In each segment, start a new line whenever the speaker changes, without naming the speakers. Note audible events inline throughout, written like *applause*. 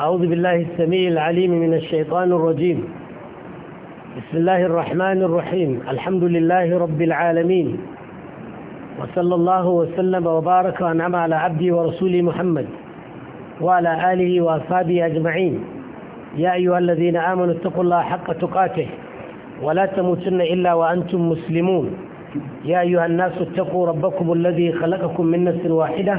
أعوذ بالله السميع العليم من الشيطان الرجيم بسم الله الرحمن الرحيم الحمد لله رب العالمين وصلى الله وسلم وبارك وأنعم على عبدي ورسولي محمد وعلى آله وأصحابه أجمعين يا أيها الذين آمنوا اتقوا الله حق تقاته ولا تموتن إلا وأنتم مسلمون يا أيها الناس اتقوا ربكم الذي خلقكم من نفس واحدة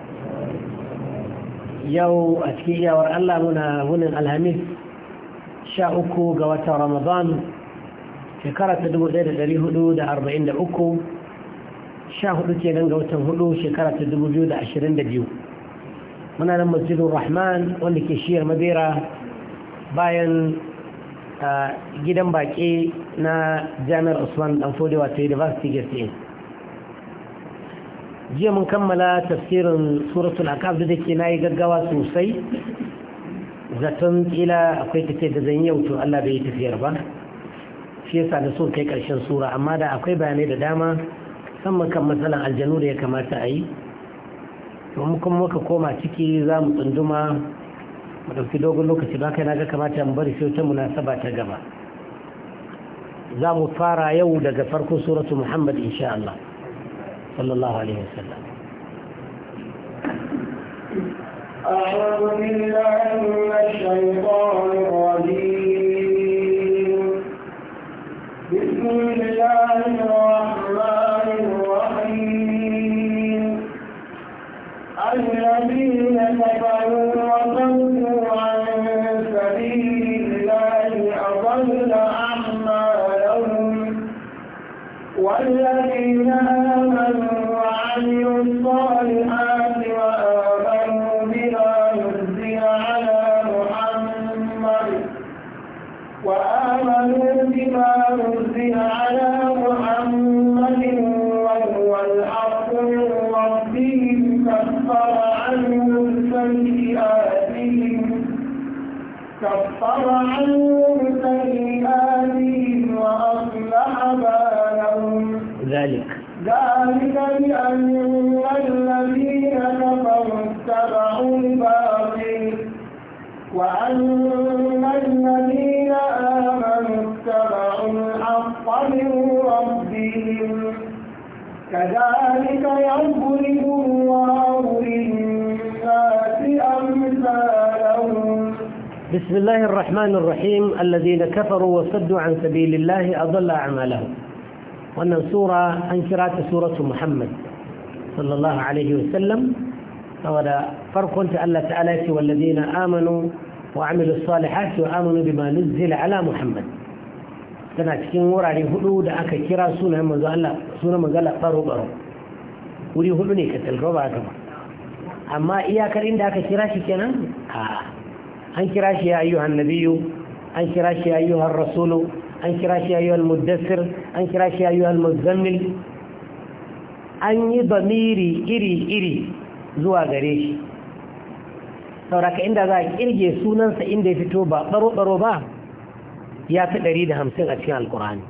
yau a cikin iyawar Allah muna wunin alhamis sha uku ga watan ramadan shekara ta dubu ɗaya da ɗari hudu da arba'in da uku sha hudu ke nan ga watan hudu shekara ta dubu biyu da ashirin da biyu muna nan masjidun rahman wanda ke shiyar madera bayan ah, gidan baƙi na jami'ar usman ɗanfodewa ta university gate jiya mun kammala tafsirin suratul akaf da take nayi gaggawa sosai zaton kila akwai take da zan yau to Allah bai yi tafiyar ba shi yasa da so kai karshen sura amma da akwai bayanai da dama musamman kan matsalan aljanu da ya kamata a yi domin kuma muka koma ciki za mu tsunduma mu ɗauki dogon lokaci ba kai naga kamata mu bari sai ta munasaba ta gaba za mu fara yau daga farkon suratu muhammad insha Allah صلى الله عليه وسلم
أعوذ بالله من الشيطان الرجيم بسم الله الرحمن الرحيم الذين كفروا
بسم الله الرحمن الرحيم الذين كفروا وصدوا عن سبيل الله أضل أعمالهم وأن سورة أنشرات سورة محمد صلى الله عليه وسلم فولا فرق الله تعالى والذين آمنوا وعملوا الصالحات وآمنوا بما نزل على محمد tana cikin wurare hudu da aka kira sunan manzo Allah sunan manzo Allah baro baro wuri hudu ne ka talgo ba haka ba amma iyakar inda aka kira shi kenan a an kira shi ya ayyuhan annabiyu an kira shi ya ayyuhan rasulu an kira shi ya ayyuhan muddassir an kira shi ya ayyuhan muzammil an yi bamiri iri-iri zuwa gare shi sauraka inda za a kirge sunansa inda ya fito ba baro-baro ba ya fi ɗari da hamsin a cikin alkurani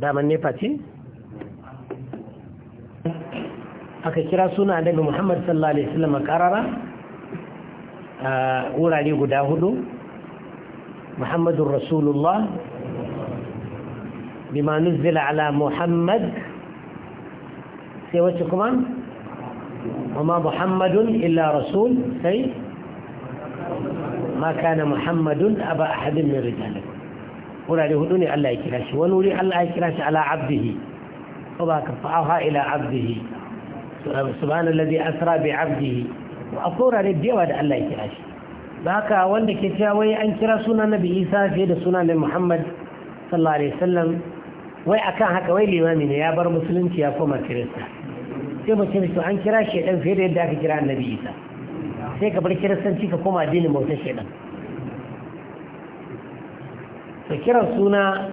daman nefa ce? aka kira suna annabi muhammad sallallahu alaihi wasallam karara a wurare guda hudu muhammadun rasulullah bima nuzila ala muhammad sai wacce kuma وما محمد إلا رسول سي ما كان محمد أبا أحد من رجالكم ولا لهدوني الله يكراش ونولي الله يكراش على عبده وما كفعها ila abdihi. subhanallazi asra bi 'abdihi a korare da yawa da Allah ya kira shi da haka wanda ke cewa wai an kira sunan Nabi Isa fiye da sunan Nabi Muhammad sallallahu alaihi wai akan haka wai limami ne ya bar musulunci a koma kirista sai mutum to an kira shedan fiye da yadda aka kira Annabi Isa sai ka bar kiristanci ka koma addinin bautar shedan to kiran suna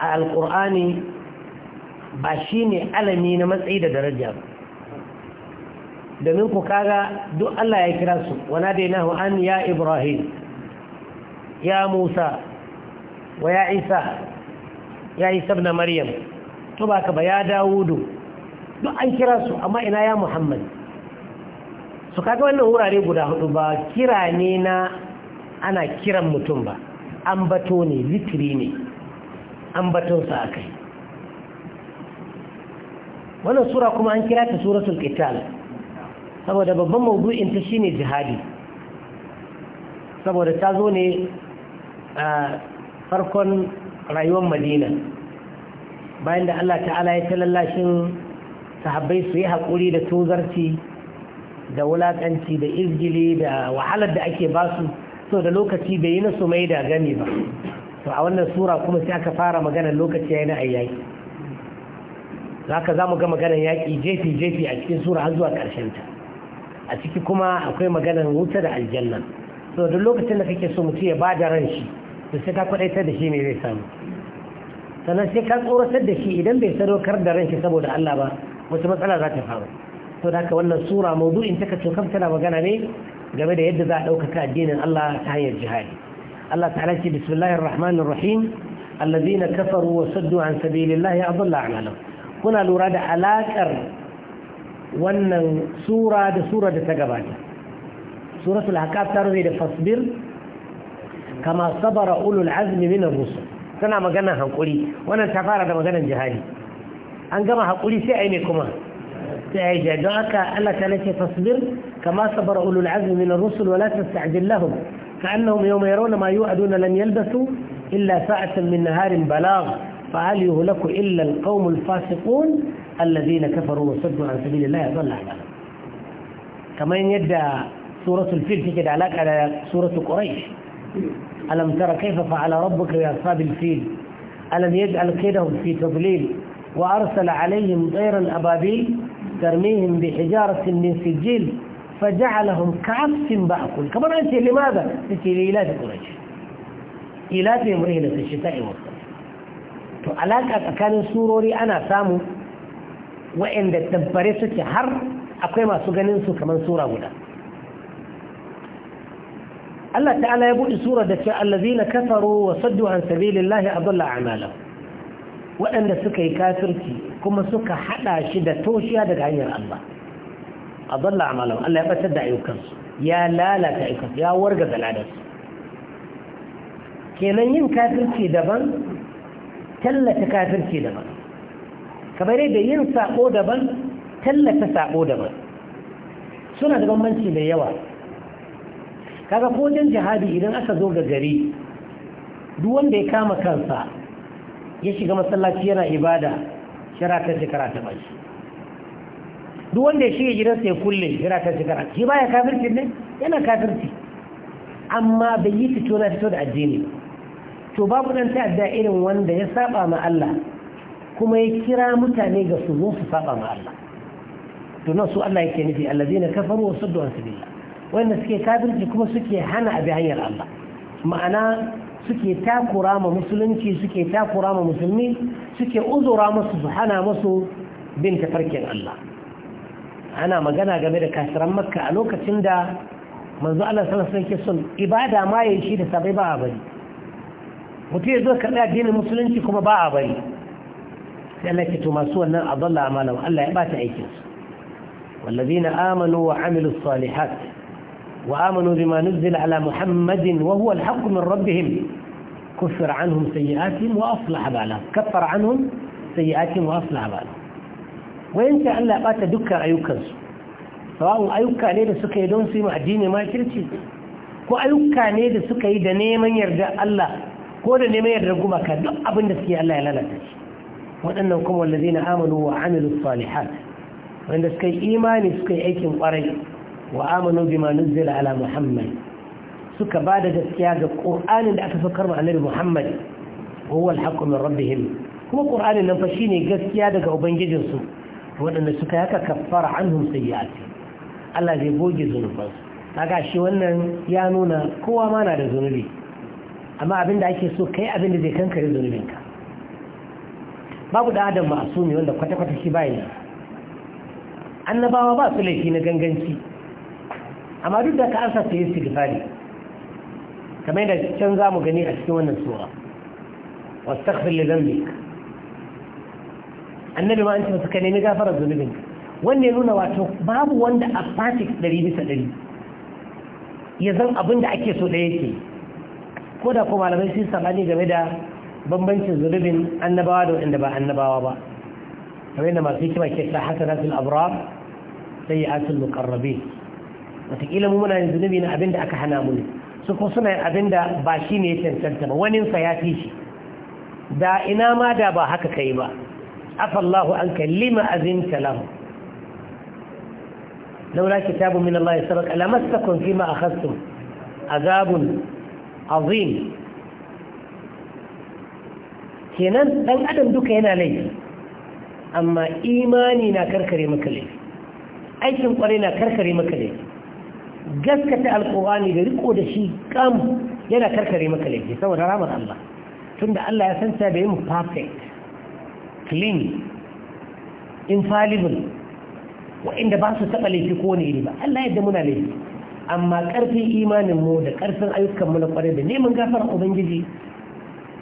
a Alkur'ani. ba shi ne alami na matsayi da daraja ba domin ku kaga duk Allah ya kira su wana dai nahu an ya ibrahim ya musa wa ya isa ya isa na maryam to ba ka ba ya dawudu duk an kira su amma ina ya muhammad su kaga wannan wurare guda hudu ba kira ne na ana kiran mutum ba an bato ne litiri ne an batonsa a kai wannan sura kuma an kira ta suratul qital saboda babban mawdu'in ta shine jihadi saboda ta zo ne a farkon rayuwar Madina bayan da Allah ta'ala ya talallashin sahabbai su yi haƙuri da tozarci da wulakanci, da izgili da wahalar da ake basu so da lokaci bai yi na su mai da gani ba to a wannan sura kuma sai aka fara magana lokaci ya yi na ayyaki haka za mu ga maganar yaƙi jefi-jefi a cikin sura har zuwa ta a ciki kuma akwai maganar wuta da aljanna so duk lokacin da kake so mutum ya ba da ran shi to sai ka kwaɗaitar da shi ne zai samu sannan sai ka tsoratar da shi idan bai sadaukar da ran shi saboda Allah ba wata matsala za ta faru to da haka wannan sura maudu'in ta kace kan tana magana ne game da yadda za a ɗaukaka addinin Allah ta hanyar jihadi Allah ta'ala ce bismillahir rahmanir rahim الذين كفروا وصدوا عن سبيل الله أضل أعمالهم kuna lura da alaƙar wannan sura da sura da ta gabata suratul haqqaf ta rufe da fasbir kama sabara ulul azmi min rusul tana magana hakuri wannan ta fara da maganar jihadi an gama hakuri sai ai ne kuma sai yi jihadi don haka Allah ta lace fasbir kama sabara ulul azmi min rusul wala tasta'jil lahum ka'annahum yawma yarawna ma yu'aduna lam yalbasu illa sa'atan min naharin balagh فهل يهلك إلا القوم الفاسقون الذين كفروا وصدوا عن سبيل الله يضل أعمالهم كما يدى سورة الفيل تجد علاقة على سورة قريش ألم ترى كيف فعل ربك بأصحاب الفيل ألم يجعل كيدهم في تضليل وأرسل عليهم طيرا أبابيل ترميهم بحجارة من سجيل فجعلهم كعبس بأكل كما أنت لماذا؟ انت لإيلات قريش إيلاتهم رهنه الشتاء والصيف to alaƙa tsakanin surori ana samu wa'anda dabbare suke har akwai masu ganin su kamar sura guda Allah ta'ala ya buɗe sura da ce allazina kafaru wa saddu an sabilillahi adalla a'malahu waɗanda suka yi kafirci kuma suka hada shi da toshiya daga hanyar Allah adalla a'malahu Allah ya batar da ayyukansu ya lalata ayyukansu ya warga zaladarsu kenan yin kafirci daban tallata kafirci daban kamar yadda yin sako daban tallata sako daban suna da bambanci mai yawa kaga ko wajen jihadi idan aka zo ga gari duk wanda ya kama kansa ya shiga masallaci yana ibada shiratar shekara ta bashi duk wanda ya shiga gidansa ya kulle shiratar shekara shi baya kafirci ne yana kafirci amma bai yi fito na fito da addini ba to babu dan ta'adda irin wanda ya saba ma Allah kuma ya kira mutane ga su zo su saba ma Allah to nan su Allah yake nufi allazina kafaru wa saddu an sabila wanda suke kafirci kuma suke hana abi hanyar Allah ma'ana suke takura ma musulunci suke takura ma musulmi suke uzura musu su hana musu bin tafarkin Allah ana magana game da kafiran makka a lokacin da manzo Allah sallallahu alaihi wasallam son ibada ma yayi shi da sabai ba bari mutum ya zo karɓi addinin musulunci kuma ba a bari sai Allah ya to masu wannan adalla amalan Allah ya bata aikin su wallazina amanu wa amilus salihat wa amanu bima nuzila ala muhammadin wa huwa alhaq min rabbihim كفر عنهم سيئاتهم وأصلح بالهم كفر عنهم سيئاتهم وأصلح بالهم وإنت ألا بات دكا أيوكز سواء أيوكا ليدا su يدون سيما الدين ما يكرتي ko ayyuka ne da suka yi da neman yarda Allah ko da neman yardar gumaka duk abin da suke Allah ya lalata shi waɗannan kuma wallazi na amanu wa amilu salihat wanda suka yi imani suka yi aikin ƙwarai wa amanu ma nuzila ala muhammad suka ba da gaskiya ga ƙur'anin da aka saukar ma'anar muhammad huwa alhaqqu min rabbihim kuma ƙur'anin nan fa shine gaskiya daga ubangijinsu waɗanda suka yaka kaffara anhum sayyi'ati Allah zai goge zunubansu kaga shi wannan ya nuna kowa ma na da zunubi amma abinda ake so kai abinda zai kankare ka babu da adam masu ne wanda kwata-kwata shi bayan annabawa ba su laifi na ganganci amma duk da ka an sassa yin sigifari kamar yadda can za mu gani a cikin wannan sura wasu takfir lilambik annabi ma an ce suka nemi gafarar zunubinka wanne nuna wato babu wanda a fatik ɗari bisa ɗari ya zan abin da ake so da yake ko da ko malamai sun sabani game da bambancin zunubin annabawa da waɗanda ba annabawa ba kamar yadda masu hikima ke sa sun sai ya sayyi'atul muqarrabin wataƙila muna yin zunubi na abin da aka hana mu ne su ko suna yin abin da ba shi ne ya cancanta ba wani sa ya fi shi da ina ma da ba haka kai ba afallahu an kallima azinta lahu laula kitabun min Allah ya sabaka lamassakum fima akhadtum azabun azim kenan dan adam duka yana laifi amma imani na karkare maka laifi aikin kwarai na karkare maka laifi gaskata alkurani da riko da shi kam yana karkare maka laifi saboda ramar Allah tunda Allah ya san santa da yin perfect clean infallible waɗanda ba su taɓa laifi ko wani ba Allah yadda muna laifi amma ƙarfin imanin mu da ƙarfin ayyukan mu na ƙwarai da neman gafar ubangiji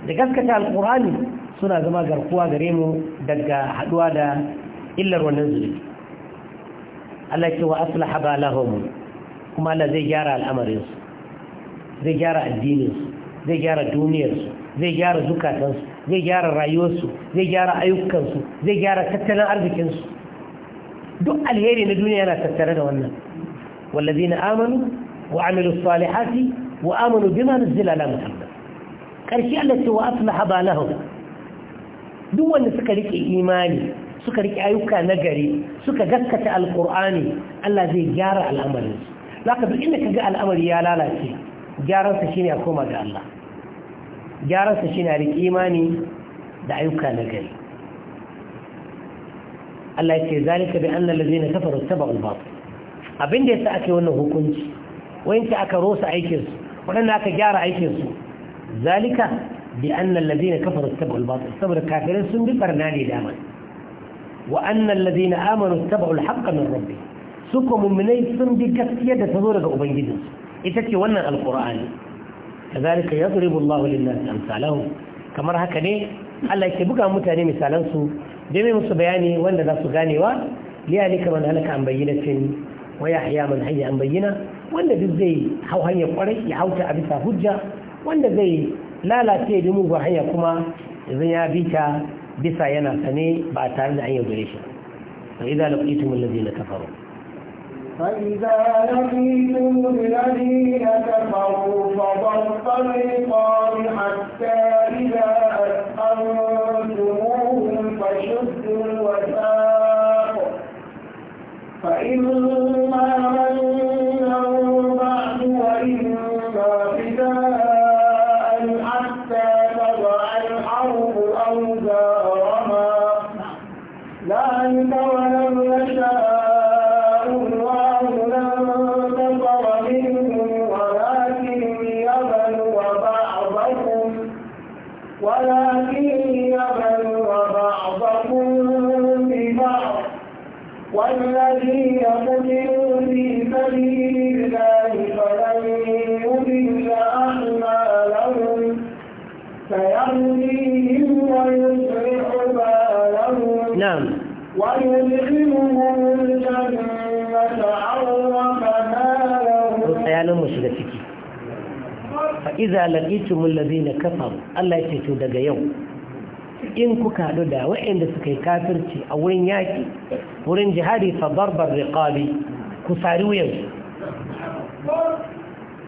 da gaskata alƙur'ani suna zama garkuwa gare mu daga haɗuwa da illar wannan zuri Allah ce wa aslaha lahum kuma Allah zai gyara al'amarin su zai gyara addinin su zai gyara duniyar su zai gyara zukatan su zai gyara rayuwar su zai gyara ayyukan su zai gyara tattalin arzikin su duk alheri na duniya yana tattare da wannan والذين آمنوا وعملوا الصالحات وآمنوا بما نزل على محمد ƙarshe Allah ce wa aslaha balahum duk wanda suka rike imani suka rike ayyuka na gari suka gaskata alqur'ani Allah zai gyara al'amarin su zaka duk inda kaga al'amari ya lalace gyaran sa shine a koma ga Allah gyaran sa shine a rike imani da Allah ya ce zalika bi anna allazina na tabu abin da sa aka yi wannan hukunci wayanda aka rosa aikinsu su aka gyara aikinsu zalika bi anna alladhina kafaru tabu al saboda kafirin sun bi barna ne dama wa anna amanu tabu al-haqqa min rabbi su ko mu'minai sun bi gaskiya da tazo daga ubangijinsu ita ce wannan alqur'ani kazalika yadribu Allahu lin-nasi kamar haka ne Allah ke buga mutane misalan su dai musu bayani wanda za su ganewa liyalika da halaka an bayyinatin ويحيى من حي أن بينه وأن بزي حو هني قري يحو تعبث هجة وأن زي لا لا تي دمو هني كما زي أبيك بس ينا سني بعتار نعيه بريشة فإذا لقيتم الذين كفروا
فإذا لقيتم الذين كفروا فضلت الرقاب حتى إذا أتقنتموهم فإما
fa'iza laƙitumul lazina kafaru Allah ya ce to daga yau in kuka hadu da waɗanda suka yi kafirci a wurin yaƙi wurin jihadi fa barbar riqabi ku sari wuyansu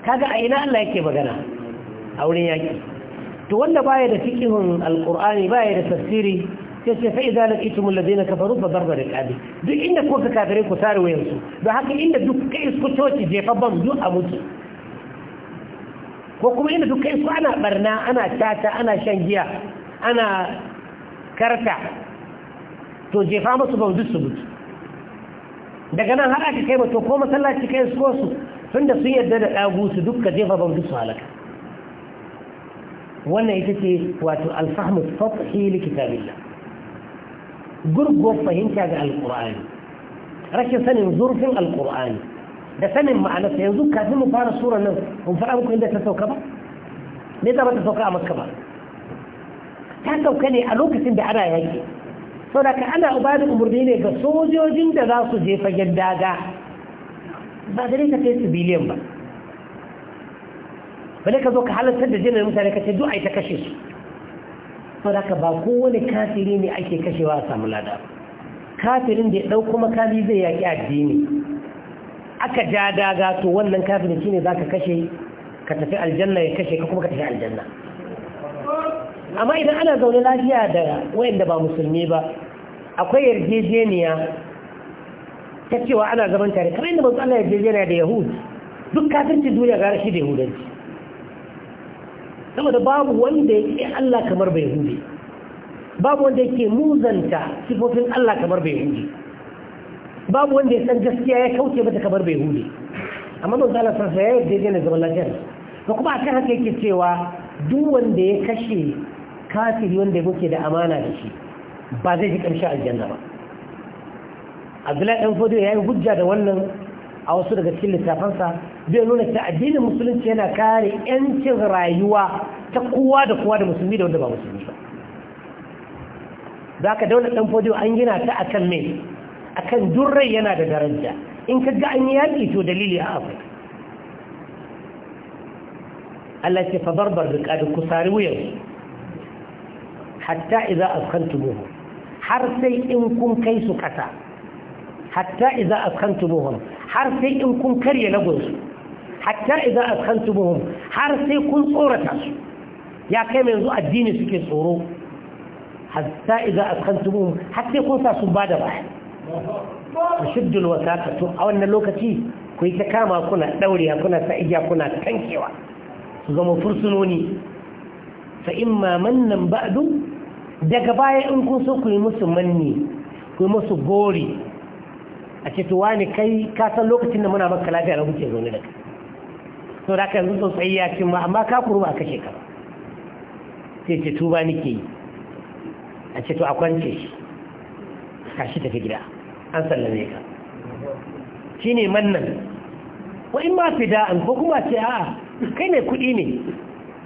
kaga a ina Allah yake magana a wurin yaƙi to wanda baya da fiqhun alqur'ani baya da tafsiri sai ce fa idza laqitumul ladina kafaru fa barbar riqabi duk inda kuka kafire ku sari wuyansu don haka inda duk kai iskotoci jefa bam duk a mutu ko kuma ina duka ana barna ana tata ana shan giya ana karta to jefa musu baudu su mutu daga nan har aka kai mato ko masallaci kai su wasu tun da sun yarda da ɗagu su duka jefa baudu su halaka wannan ita ce wato alfahmu fasahi likitabillah gurgo fahimta ga alƙur'ani rashin sanin zurfin alƙur'ani da sanin ma'anarsa yanzu kafin mu fara surar nan mun faɗa muku inda ta sauka ba me za ta sauka a makka ba ta sauka ne a lokacin da ana yaki saboda ka ana ubadi umurni ne ga sojojin da za su je fagen daga ba dare ka kai civilian ba bane ka zo ka halartar da jinar mutane ka ce duk ai ta kashe su saboda ka ba kowane kafiri ne ake kashewa a samu lada kafirin da ya ɗauko makami zai yaƙi addini aka ja daga to wannan kafin shi ne za ka kashe ka tafi aljanna ya kashe ka kuma ka tafi aljanna
amma idan ana
zaune lafiya da wayanda ba musulmi ba akwai yarjejeniya ta cewa ana zaman tare kamar yadda manzo Allah yarjejeniya da yahudi duk kafirci duniya gara shi da yahudanci saboda babu wanda yake Allah kamar bai yahudi babu wanda yake muzanta sifofin Allah kamar bai yahudi babu wanda ya san gaskiya ya kauce mata kamar bai hude amma ban zala sarsa ya yadda yana zaman lafiyar ba kuma akan haka yake cewa duk wanda ya kashe kafiri wanda muke da amana da shi ba zai ji karshe aljanna ba abdullahi dan fodo ya yi hujja da wannan a wasu daga cikin littafansa bai nuna ta addinin musulunci yana kare yancin rayuwa ta kowa da kowa da musulmi da wanda ba musulmi ba za ka daular ɗan fodiyo an gina ta a kan mai akan duk rai yana da daraja in ka ga an yi yaƙi to dalili a afirka Allah ce fa barbar da ƙadu ku sari wuyan hatta iza askantumuhu har sai in kun kai su ƙasa hatta iza askantumuhum har sai in kun karye lagunsu hatta iza askantumuhum har sai kun tsorata su ya kai mai yanzu addini suke tsoro hatta iza askantumuhum har sai kun sa su ba da baya ashiddul wasaka to a wannan lokaci ku yi ta kama kuna daurewa kuna sa iya kuna tankewa su zama fursunoni fa imma mannan ba'du daga baya in kun so ku yi musu manni ku yi musu gori a ce tuwa ne kai ka san lokacin da muna maka lafiya na kuke zaune da to da ka yanzu sai ya ce ma amma ka kuru ba kashe ka sai ce tuba nake a ce to a kwance shi ka shi tafi gida an sallame ka shi ne mannan wa'in ma fi da'an ko kuma ce a kai ne kuɗi ne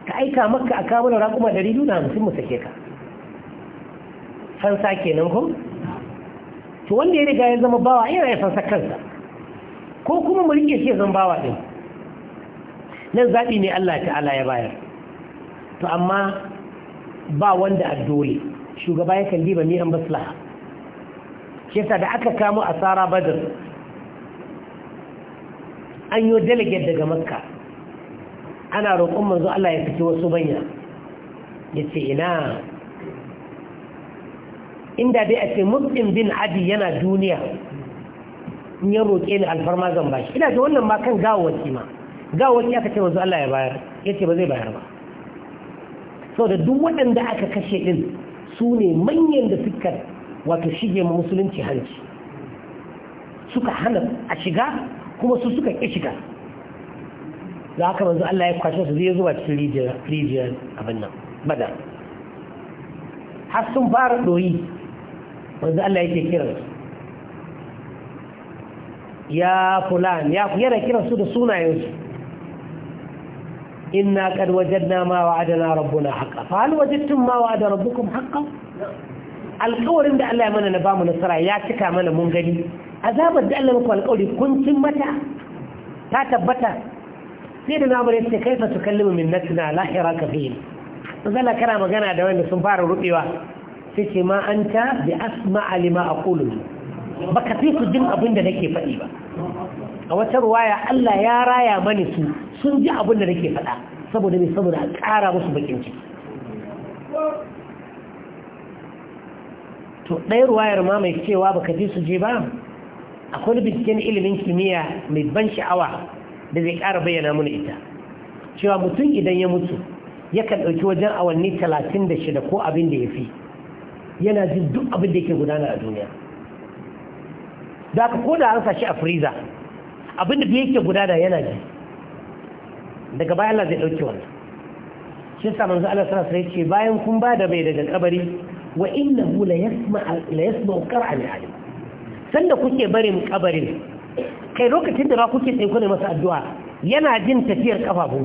ka aika maka a kawo na raƙuma 250 mu sake ka fansa nan ko to wanda ya riga ya zama bawa yana ya fansa kansa ko kuma mu rike shi ya zama bawa ɗin? nan zaɓi ne Allah ta'ala ya bayar to amma ba wanda a dole shugaba ya kalli ba ni an maslaha shi yasa da aka kamo tsara badar an yi delegate daga makka ana roƙon manzo Allah ya fito wasu banya ya ce ina inda dai a ce muslim bin adi yana duniya in ya roƙe ni alfarma zan bashi ina ce wannan ma kan gawawaci ma gawawaci aka ce manzo Allah ya bayar ya ce ba zai bayar ba sau da duk waɗanda aka kashe ɗin su ne manyan da suka wato shige ma musulunci hanci suka hana a shiga kuma su suka ƙi shiga a haka manzo Allah ya kwashe su zai zuwa cikin rijiyar abin nan bada har sun fara ɗoyi wanzu Allah ke kiran su ya fulan ya yana kiran su da sunayensu inna qad wajadna ma wa'adana rabbuna haqqan fa hal wajadtum ma wa'ada rabbukum haqqan alkawarin da Allah ya mana na bamu nasara ya cika mana mun gani azabar da Allah muku alkawari kun cin mata ta tabbata sai da namar yace kai fa kallima min natna lahira kafin zalla kana magana da wanda sun fara rubewa sai ce ma anta bi asma'a lima aqulu baka fi su jin abin da nake faɗi ba a wata ruwaya Allah ya raya mani su sun ji abin da nake faɗa saboda ne saboda a ƙara musu bakin ciki to ɗaya ruwayar ma mai cewa baka ji su je ba akwai binciken ilimin kimiyya mai ban sha'awa da zai ƙara bayyana mana ita cewa mutum idan ya mutu ya kan ɗauki wajen awanni talatin da shida ko abin da ya fi yana jin duk abin da yake gudana a duniya da aka ko da an sashi a friza. abin da yake gudana yana ji daga bayan Allah zai ɗauki wannan shi sa manzo Allah sallallahu ya ce bayan kun ba da bai daga kabari wa innahu la yasma'u la yasma'u qara'a ali sanda kuke barin kabarin kai lokacin da ba kuke tsaye kuna masa addu'a yana jin tafiyar kafafu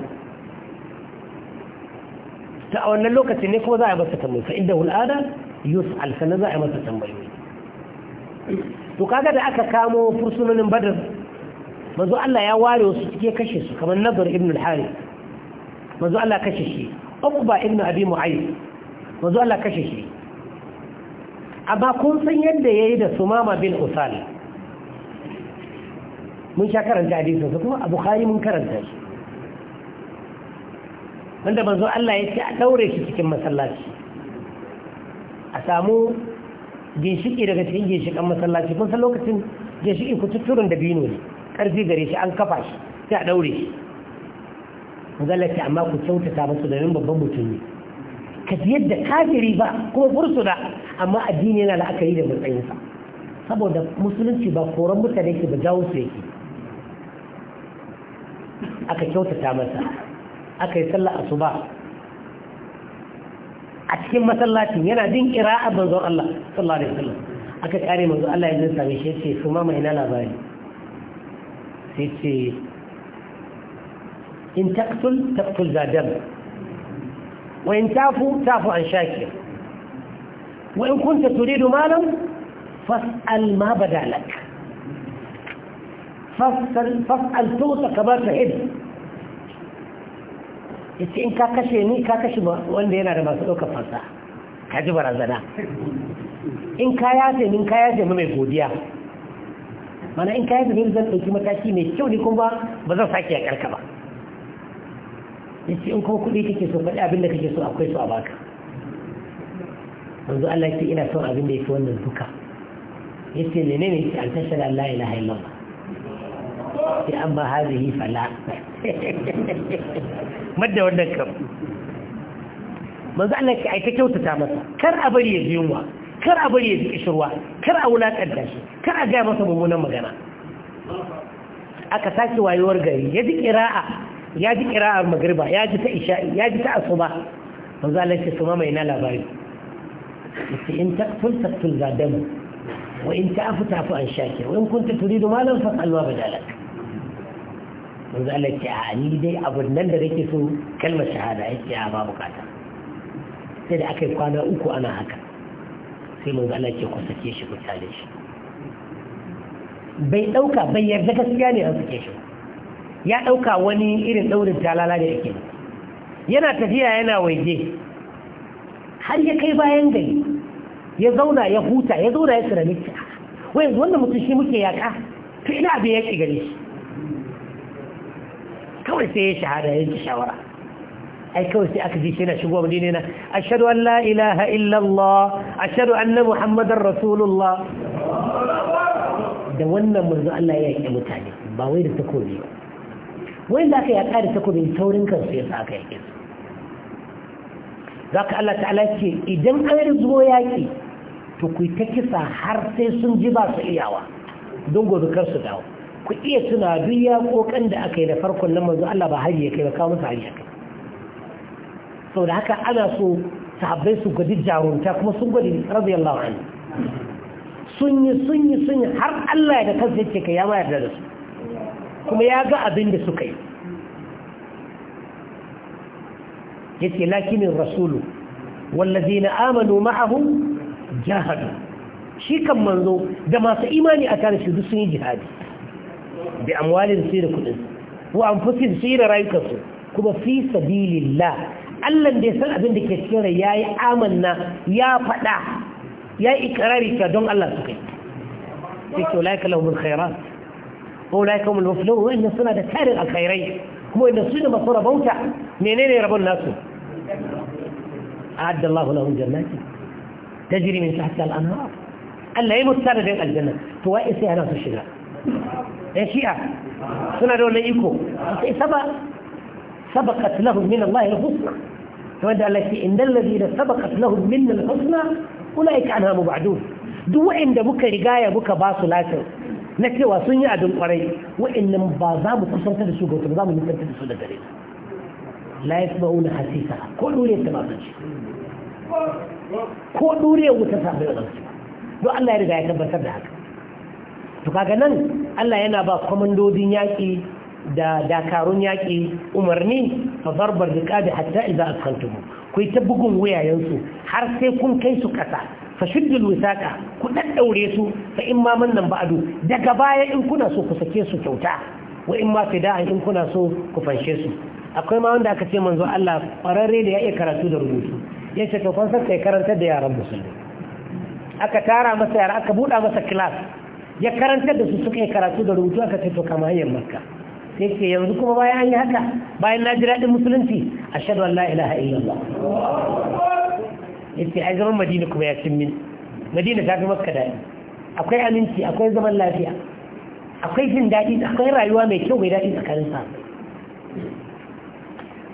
ta a wannan lokacin ne kuma za a yi masa tambayi fa inda hul'ada yus'al sannan za a yi masa tambayoyi to kaga da aka kamo fursunonin badar Mazu Allah ya ware wasu cike kashe su kamar nazar ibn al-harith Mazu Allah kashe shi uqba ibn abi mu'ayyid Mazu Allah kashe shi amma kun san yadda ya yi da sumama bin usal mun sha karanta hadisin su kuma abu khari mun karanta shi wanda manzo Allah ya ce a daure shi cikin masallaci a samu ginshiki daga cikin ginshikan masallaci kun san lokacin ginshiki tutturin da bino ne karfi gare shi an kafa shi sai a daure shi zalaki amma ku kyautata masu yin babban mutum ne ka ji yadda kafiri ba kuma fursuna amma addini yana la'akari da matsayinsa saboda musulunci ba koran mutane ke ba jawo su yake aka kyautata masa aka yi sallah ba a cikin masallacin yana jin a manzon Allah sallallahu alaihi wasallam aka kare manzon Allah yanzu same shi yace su ma ina labari sai ce in taqtul taqtul zadam وإن تعفوا تعفوا عن شاكر وإن كنت تريد مالا فاسأل ما بدا لك فاسأل, فاسأل توتا كما تحب yace in ka kashe ni ka kashe wanda yana da masu ɗaukar fasa ka ji barazana in ka yace min ka yace mai godiya mana in ka yace min zan ɗauki mataki mai kyau ne kuma ba zan sake ya karka ba yace in kuma kuɗi kake so faɗi abin da kake so akwai su a baka Yanzu Allah yake ina son abin da yake wannan duka yace menene yake an tashar Allah ilaha illallah sai amma hazihi fala *laughs* madda wannan kam manzo Allah yake aita kyautata masa kar a bari ya ji yunwa kar a bari ya ji ƙishirwa, kar a wulakanta shi kar a ga masa mummunan magana aka sake wayewar gari ya ji kira'a ya ji kira'ar magriba ya ji ta isha'i ya ji ta asuba manzo Allah ce kuma mai na labari yace in takful takful zadam wa in ta afu ta'fu an shakir wa in kunta turidu malan fa'al ma badalak manzo Allah ce a ni dai abu nan da nake so kalmar shahada yace a ba bukata sai da aka yi kwana uku ana haka sai manzo Allah ce ku sake shi ku tale shi bai ɗauka bai yarda gaskiya ne an sake shi ya ɗauka wani irin ɗaurin talala da yake yana tafiya yana waje har ya kai bayan gari ya zauna ya huta ya zauna ya tsira miki wai wanda mutum shi muke yaƙa to ina abin yaƙi gare shi kawai sai ya shahada ya ji shawara ai kawai sai aka ji shi yana shigo madina na ashhadu an la ilaha illallah an na muhammadar rasulullah da wannan manzo Allah ya yaƙi mutane ba wai da takobi ba wanda aka alƙari ta takobin saurin kansu ya sa aka yi su za ka Allah ta'ala ce idan an zuwa yaƙi to ku ta kisa har sai sun ji ba su iyawa don gobe kar su dawo ku iya tuna duk yaƙoƙan da aka yi da farkon nan manzo Allah ba hari ya kai ba kawo musu hari kai sau da haka ana so sahabbai su gwadi jarumta kuma sun gwadi radiyallahu anhu sun yi sun yi sun yi har Allah ya da kansa yake kai ya ma yarda da su kuma ya ga abin da suka yi ce lakinin rasulu wallazi na amanu ma'ahu jahadu shi kan manzo da masu imani a tare shi sun yi jihadi bi amwalin su da kudin wa anfusin su da rayukansu kuma fi sabilillah Allah da ya san abin da ke cikin rai yi amanna ya faɗa ya yi ikrari don Allah su kai sai ke laika lahumul khairat ulai kuma muflihun wanda suna da tarin alkhairai kuma wanda su ne rabauta menene rabon nasu a'adda Allahu lahum jannati tajri min tahtiha al-anhar Allah ya mutsa da aljanna to wai sai ana su shiga ya shi'a
suna da wannan
سبقت لهم من الله الحسنى فماذا قال إن الذين سبقت لهم من الحسنى أولئك عنها مبعدون دو عند بك رقاية بك باص لاسل na cewa sun yi abin kwarai wa'annan ba za mu kusanta da su ga wata ba za mu nisanta da su da gare su la yasma'una hasisa ko dure ta ba su ci ko dure wuta ta bai wadatar don Allah ya riga ya tabbatar da haka to kaga nan Allah yana ba kwamandodin yaƙi da dakarun yaƙi umarni fa zarbar da hatta a askantum ku ta bugun wuyayensu har sai kun kai su ƙasa fashiddul wisaka ku daddaure su fa in ma mannan ba'du daga baya in kuna so ku sake su kyauta wa in ma fida'an in kuna so ku fanshe su akwai ma wanda aka ce manzo Allah kwararre da ya iya karatu da rubutu ya ce to kun san kai karanta da yaran musulmi aka tara masa yara aka buɗa masa class ya karanta da su suka yi karatu da rubutu aka ce to kama hanyar makka sai ce yanzu kuma bayan an yi haka bayan na ji daɗin musulunci ashhadu an la ilaha illallah yace ai zaman madina kuma ya cin min madina ta fi makka daɗi akwai aminci akwai zaman lafiya akwai jin daɗi akwai rayuwa mai kyau mai daɗi tsakanin sa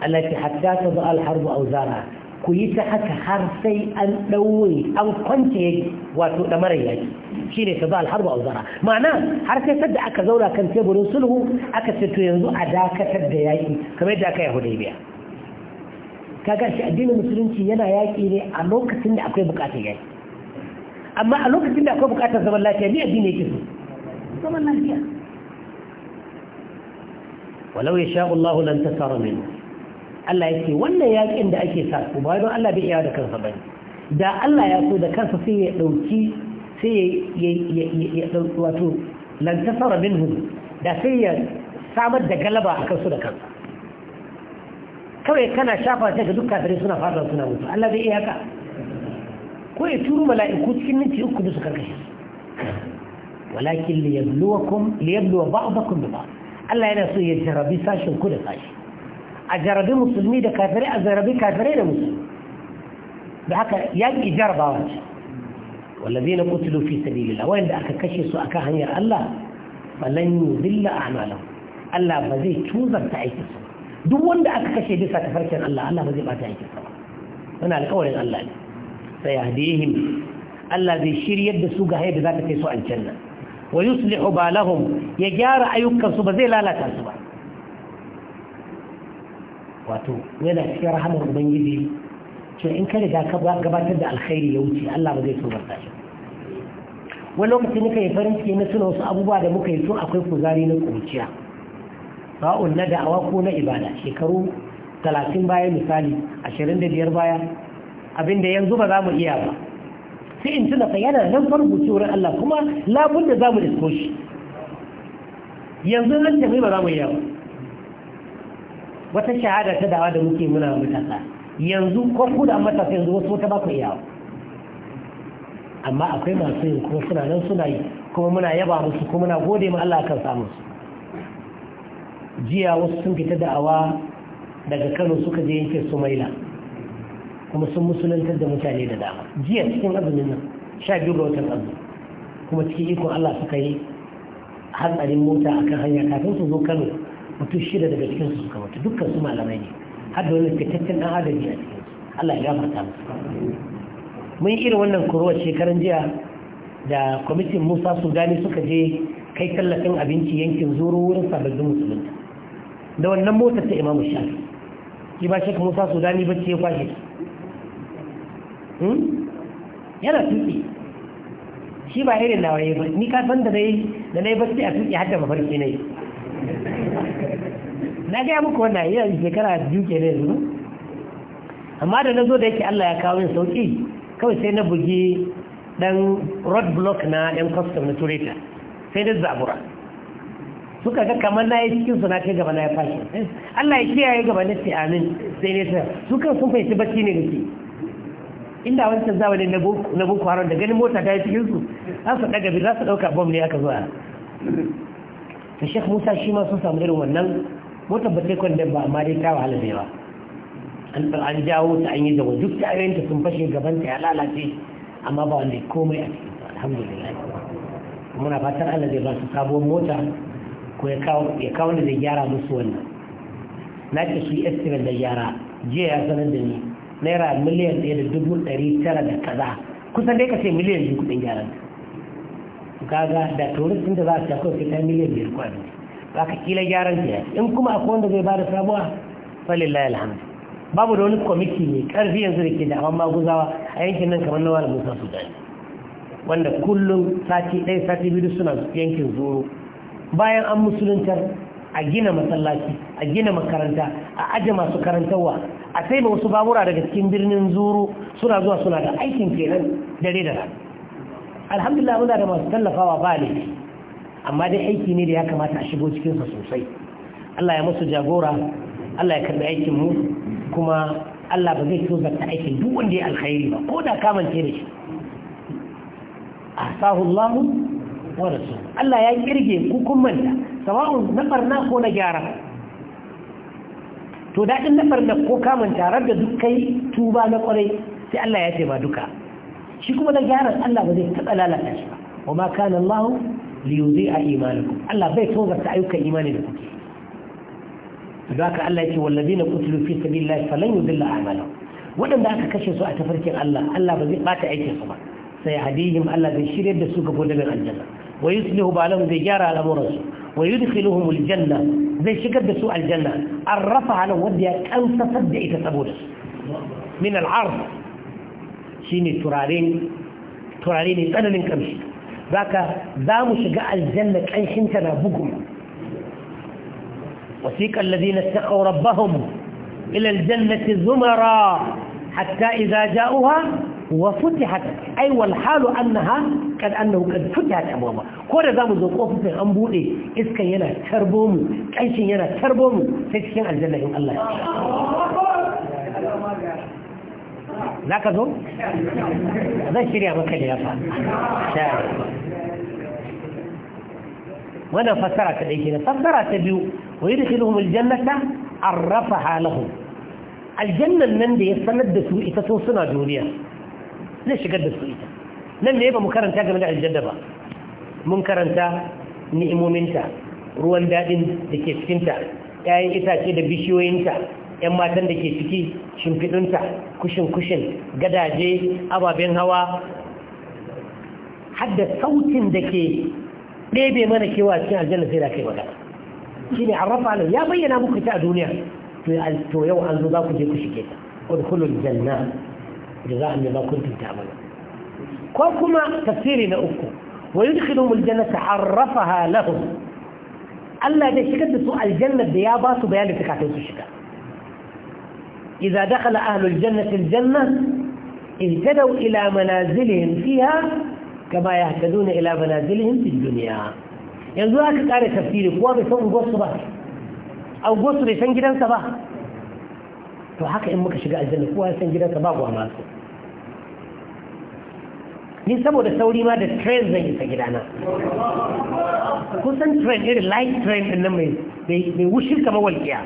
Allah ce hatta ta zo alharbu auzara ku yi ta haka har sai an ɗauye an kwance yake wato ɗamarar yaki shi ne ta zo alharbu auzara ma'ana har sai sadda aka zauna kan teburin sulhu aka ce to yanzu a dakatar da yaki kamar yadda aka yi hudaybiya kaga shi addinin musulunci yana yaƙi ne a lokacin da akwai bukatar yaƙi amma a lokacin da akwai buƙatar zaman lafiya ne addini yake so zaman lafiya walau ya sha'u Allah lan tasara min Allah yake wannan yaƙin da ake sa ku ba don Allah bai iya da kansa bane da Allah ya so da kansa sai ya dauki sai ya ya dauki wato lan tasara minhum da sai ya samar da galaba akan su da kansa kawai kana shafa sai ga duk kafirai suna fara suna mutu Allah zai iya haka ko ya turu mala'iku cikin minti uku da su karkashe walakin liyabluwakum liyabluwa ba'dakum bi ba'd Allah yana so ya jarabi sashin ku da sashi a jarabi musulmi da kafirai a jarabi kafirai da musulmi da haka yaƙi jarabawa ce والذين قتلوا في سبيل الله وين ده كشيسو اكا هنير الله فلن Allah ba zai بزي توزر تعيسو duk wanda aka kashe bisa tafarkin Allah Allah ba zai bata yake sama wannan alƙawarin Allah ne sai yahdihim Allah zai shiryar da su ga hayar da za ta kai su aljanna wa yuslihu balahum ya gyara ayyukan su ba zai lalata su ba wato yana cikin rahamar ubangiji to in ka riga ka gabatar da alkhairi ya wuce Allah ba zai so barka shi wani lokaci muka yi farin ciki na Suna wasu abubuwa da muka yi so akwai kuzari na kuciya sa'un na da'awa ko na ibada shekaru talatin baya misali ashirin da biyar baya abinda yanzu ba za mu iya ba sai in tuna fa yana nan farbuci wurin Allah kuma labun da za mu isko shi yanzu nan tafi ba za mu iya ba wata shahada ta dawa da muke muna matasa yanzu ko ku da matasa yanzu wasu wata ba ku iya ba amma akwai masu yin kuma suna nan suna yi kuma muna yaba musu kuma muna gode ma Allah kan samu su jiya wasu sun fita da'awa daga kano suka je yake maila kuma sun musulantar da mutane da dama jiya cikin azumin nan sha biyu ga watan azumi kuma cikin ikon allah suka yi hatsarin mota a kan hanya kafin su zo kano mutum shida daga cikin su suka mutu dukkan su malamai ne har da wani fitaccen ɗan agaji a cikin allah ya gafarta musu mun yi irin wannan kurowar shekaran jiya da kwamitin musa su gani suka je kai tallafin abinci yankin zuru wurin sababbin musulunta da wannan motar ta imamu shafi shi ba shek musa su dani bacci ya kwashe hmm? yana tuki shi ba irin na waye ba ni ka san da zai da na yi bacci a tuki hadda mafarki na yi na gaya muku wannan yana shekara a duke ne yanzu amma da na zo da yake allah ya kawo yin sauki kawai sai na bugi dan road block na yan custom na ta sai da zabura suka ga kamar na yi cikin suna kai gaba na ya fashi eh, Allah ya kiyaye gaba na ce amin sai ne ta su kan sun fahimci bacci ne gaske inda wancan zamanin na boko haram da ganin mota ta yi cikin su za su daga bi za su dauka bom ne aka zuwa ta shek musa shi ma sun samu irin wannan mota ba ta kwan ba amma dai ta wahala da yawa an an jawo ta an yi da duk ta sun fashe gaban ta ya lalace amma ba wanda komai a cikin alhamdulillah muna fatan Allah zai ba su sabuwar mota ko ya kawo da zai gyara musu wannan na ce shi estimate da gyara jiya ya sanar da ni naira miliyan ɗaya da dubu ɗari tara da kaza kusan dai ka ce miliyan biyu kuɗin gyaran kaga da sun da za su tafi kai ta miliyan biyar abin Ba ka kila gyaran ta in kuma akwai wanda zai ba da sabuwa falillahi alhamdu babu da wani kwamiti mai ƙarfi yanzu da ke da amma maguzawa a yankin nan kamar nawa da musa su wanda kullum sati ɗaya sati biyu suna yankin zuru bayan an musuluntar a gina masallaci a gina makaranta a aje masu karantarwa a sai ba wasu babura daga cikin birnin zuru suna zuwa suna da aikin kenan dare da rana alhamdulillah muna da masu tallafawa ba ne amma dai aiki ne da ya kamata a shigo cikin sa sosai Allah ya musu jagora Allah ya karbi aikin mu kuma Allah ba zai tozarta aikin duk wanda ya alkhairi ba ko da kamance da shi asahullahu wa rasul Allah ya kirge ku kun manta sawa'un na ko na gyara to dadin na ko kamun manta da duk tuba na kwarai sai Allah ya ce ba duka shi kuma na gyara Allah ba zai taɓa lalata shi ba wa ma kana Allah li yudhi'a imanakum Allah bai tozarta ayyukan imani da kuke da ذاك الله يقول والذين قتلوا في سبيل الله فلن يضل اعمالهم ودان aka kashe su a tafarkin Allah Allah ba zai bata aikin su ba sai hadihim Allah zai shirye da su ga godalar aljanna ويصلح بالهم زي على مرس ويدخلهم الجنة زي شقد سوء الجنة الرفع لهم وديا أو تصدع تسبوس من العرض شيني ترارين ترارين من كمشي ذاك دام شقاء الجنة شنتنا بكم وسيق الذين اتقوا ربهم إلى الجنة زمرا حتى إذا جاءوها وفتحت أي والحال أنها قد أنه قد فتحت أبوابها ذا من زو في أنبوئي إسكا ينا تربوم كنشن ينا تربوم سيسكين الجنة يوم الله لا كذب هذا الشريع ما كان يفعل شاعر وانا فسرت العيشين فسرت بيو ويدخلهم الجنة عرفها لهم الجنة من دي يستند سوء تتوصنا جوليا zai shigar da su ita nan ne ba mu karanta game da aljanna ba mun karanta ni'imominta ruwan daɗin da ke cikinta ‘ya'yan itace da bishiyoyinta ‘yan matan da ke ciki shimfiɗinta kushin-kushin gadaje ababen hawa hadda sautin da ke ɗebe mana kewa cikin aljanna sai da kai magana shi ne arrafa ne ya bayyana muku ta a duniya to yau an zo za ku je ku shige ta wadda janna جزاء بما كنتم تعملون كوكما تفسيري لأكم ويدخلهم الجنة عرفها لهم ألا دي شكد سوء الجنة ديابا سبيان لتكاتل سشكا إذا دخل أهل الجنة الجنة اهتدوا إلى منازلهم فيها كما يهتدون إلى منازلهم في الدنيا يعني aka kare تفسيري هو بسوء san أو ba unguwarsu سبا فحق إمك شقاء الجنة هو in سبا shiga ni saboda sauri ma da train zan isa gidana kusan train irin light train din nan mai wushin kama walƙiya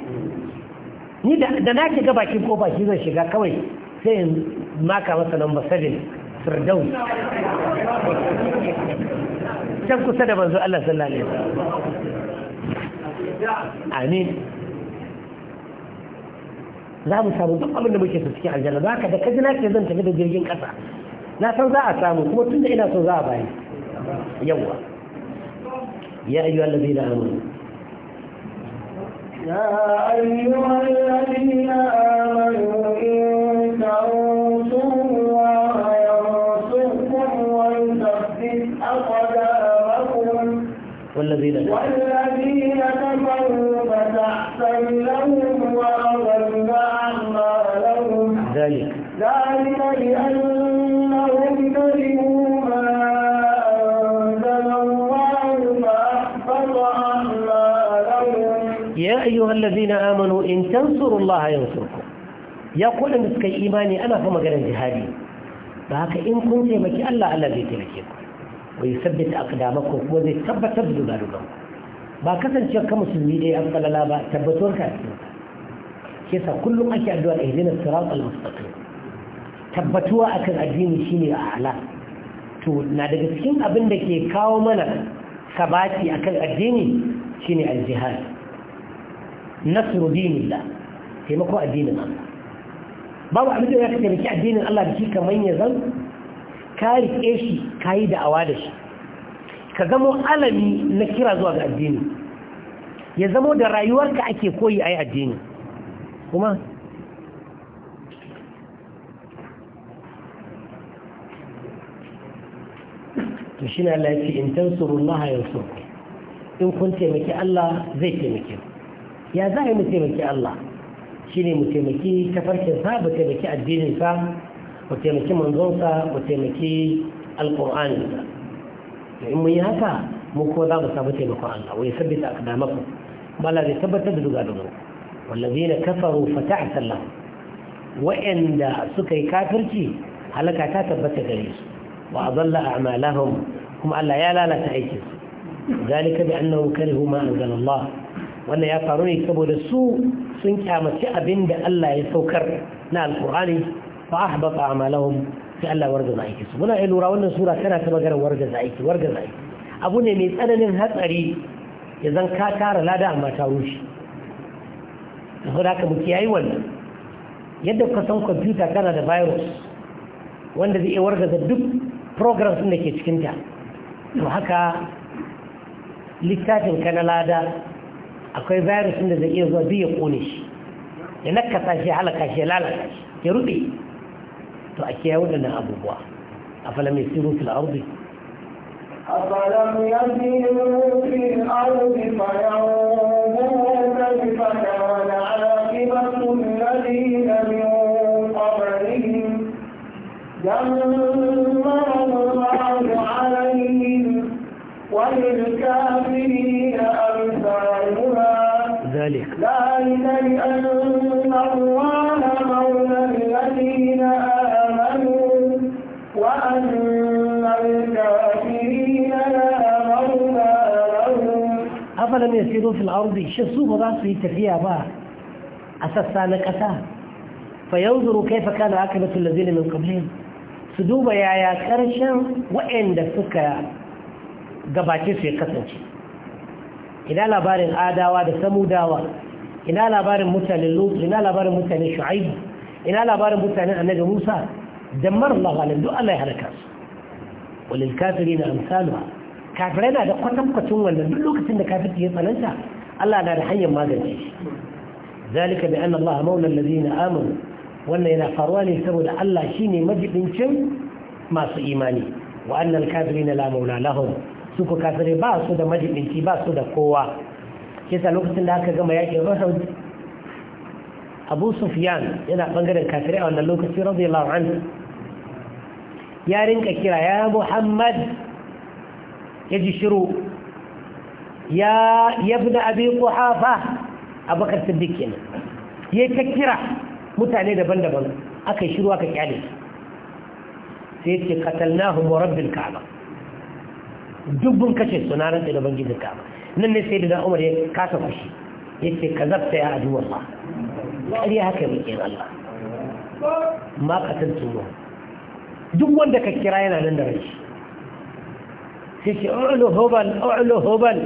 ni da na shiga bakin ko shi zan shiga kawai sai in maka masa number 7 sardau
can kusa da manzo Allah sallallahu alaihi wasallam amin
za mu samu duk abin da muke su cikin aljanna za ka da kaji na ke zan tafi da jirgin kasa na san za a samu kuma tun da ina so za a bayi yawa ya ayyu allazi na amanu
ya ayyu allazi na amanu in ta'udu والذين والذين كفروا فتحسن لهم وأضل أعمالهم ذلك ذلك لأن
أيها الذين آمنوا إن تنصروا الله ينصركم يا قول مسك إيماني أنا فما قال جهادي فهك إن كنت مكي الله الله ذي تلكيكم ويثبت أقدامكم وذي ثبت تبذل لكم ba kasance ka musulmi dai an falala ba tabbatar ka cikin ke sa kullum ake addu'a ihdina sirat al-mustaqim tabbatuwa akan addini shine ala to na daga cikin abin da ke kawo mana sabati akan addini shine al nasru dinillah taimako addinin Allah babu abin da ya taimaki addinin Allah da shi kamar ya zan ka riƙe shi ka yi da'awa da shi ka zamo alami na kira zuwa ga addini ya zamo da rayuwarka ake koyi a yi addini kuma to shi na lafi in tansuru Allah ya so in kun taimaki Allah zai taimaki. ya za a yi mu taimaki Allah shi ne mu taimaki tafarkinsa mu taimaki addininsa mu taimaki manzonsa mu taimaki alƙur'aninsa da in mun yi haka mu ko za mu samu taimakon Allah wai sabbata aqdamakum bala zai tabbatar da duga duga wallazina kafaru fata'ta Sallah. wa'anda suka yi kafirci halaka ta tabbata gare su wa adalla a'malahum kuma Allah ya lalata aikinsu ذلك بأنهم كرهوا ما أنزل الله wannan ya faru ne saboda su sun kyamaci abin da Allah ya saukar na alkur'ani fa ahbata amalahum sai Allah warga zaiki muna iya lura wannan sura tana ta magana warga zaiki warga zaiki abu ne mai tsananin hatsari ya zan ka tara lada amma ta rushe saboda ka muke yayi wannan yadda ka san kwamfuta kana da virus wanda zai iya wargaza duk programs da ke cikinta to haka littafin ka na lada akwai virus da zai iya zuwa biyu ya kone shi ya nakasa shi halaka shi ya lalata shi ya rube to a kiyaye waɗannan abubuwa a falam siru fil ardi
أفلم يسيروا في الأرض فينظروا كيف كان عاقبة الذين من قبلهم دمر الله عليهم وللكافرين أمثالها ذلك ذلك لأن الله مولى الذين آمنوا وأن الكافرين لا مولى
لهم أفلم يسيروا في الأرض شسوا برأسه تفيها بها أساسا نكتا فينظروا كيف كان عاقبة الذين من قبلهم su يا yaya ƙarshen waɗanda suka gabace ya kasance ina labarin adawa da samudawa ina labarin mutanen lutu ina labarin mutanen shu'aibu ina labarin mutanen annabi musa da Allah alim duk Allah ya halaka su walil kafiri na amsaluwa kafirai na da kwatankwacin wannan duk lokacin da kafirci ya tsananta Allah na da hanyar magance shi zalika bi anna Allah maula na amanu wannan yana faruwa ne saboda Allah shine majibincin masu imani wa annal na la maula lahum su ku kafirai ba su da majibinci ba su da kowa kisa lokacin da aka gama yakin uhud abu sufyan yana bangaren kafirai a wannan lokaci radiyallahu anhu yarin rinka kira ya muhammad ya ji shiru ya yabna abin kuhafa abakar siddiq kenan ya ta kira mutane daban-daban aka yi shiru aka kyale sai ce katalna wa dubbun kashe suna na rantsa da bangin duka nan ne sai da umar ya kasa fushi yace ce ka zafta ya aduwar ba ƙarya haka yi Allah ma ƙasar tuwa duk wanda ka kira yana nan da rai sai ce o'ulu hubal o'ulu hubal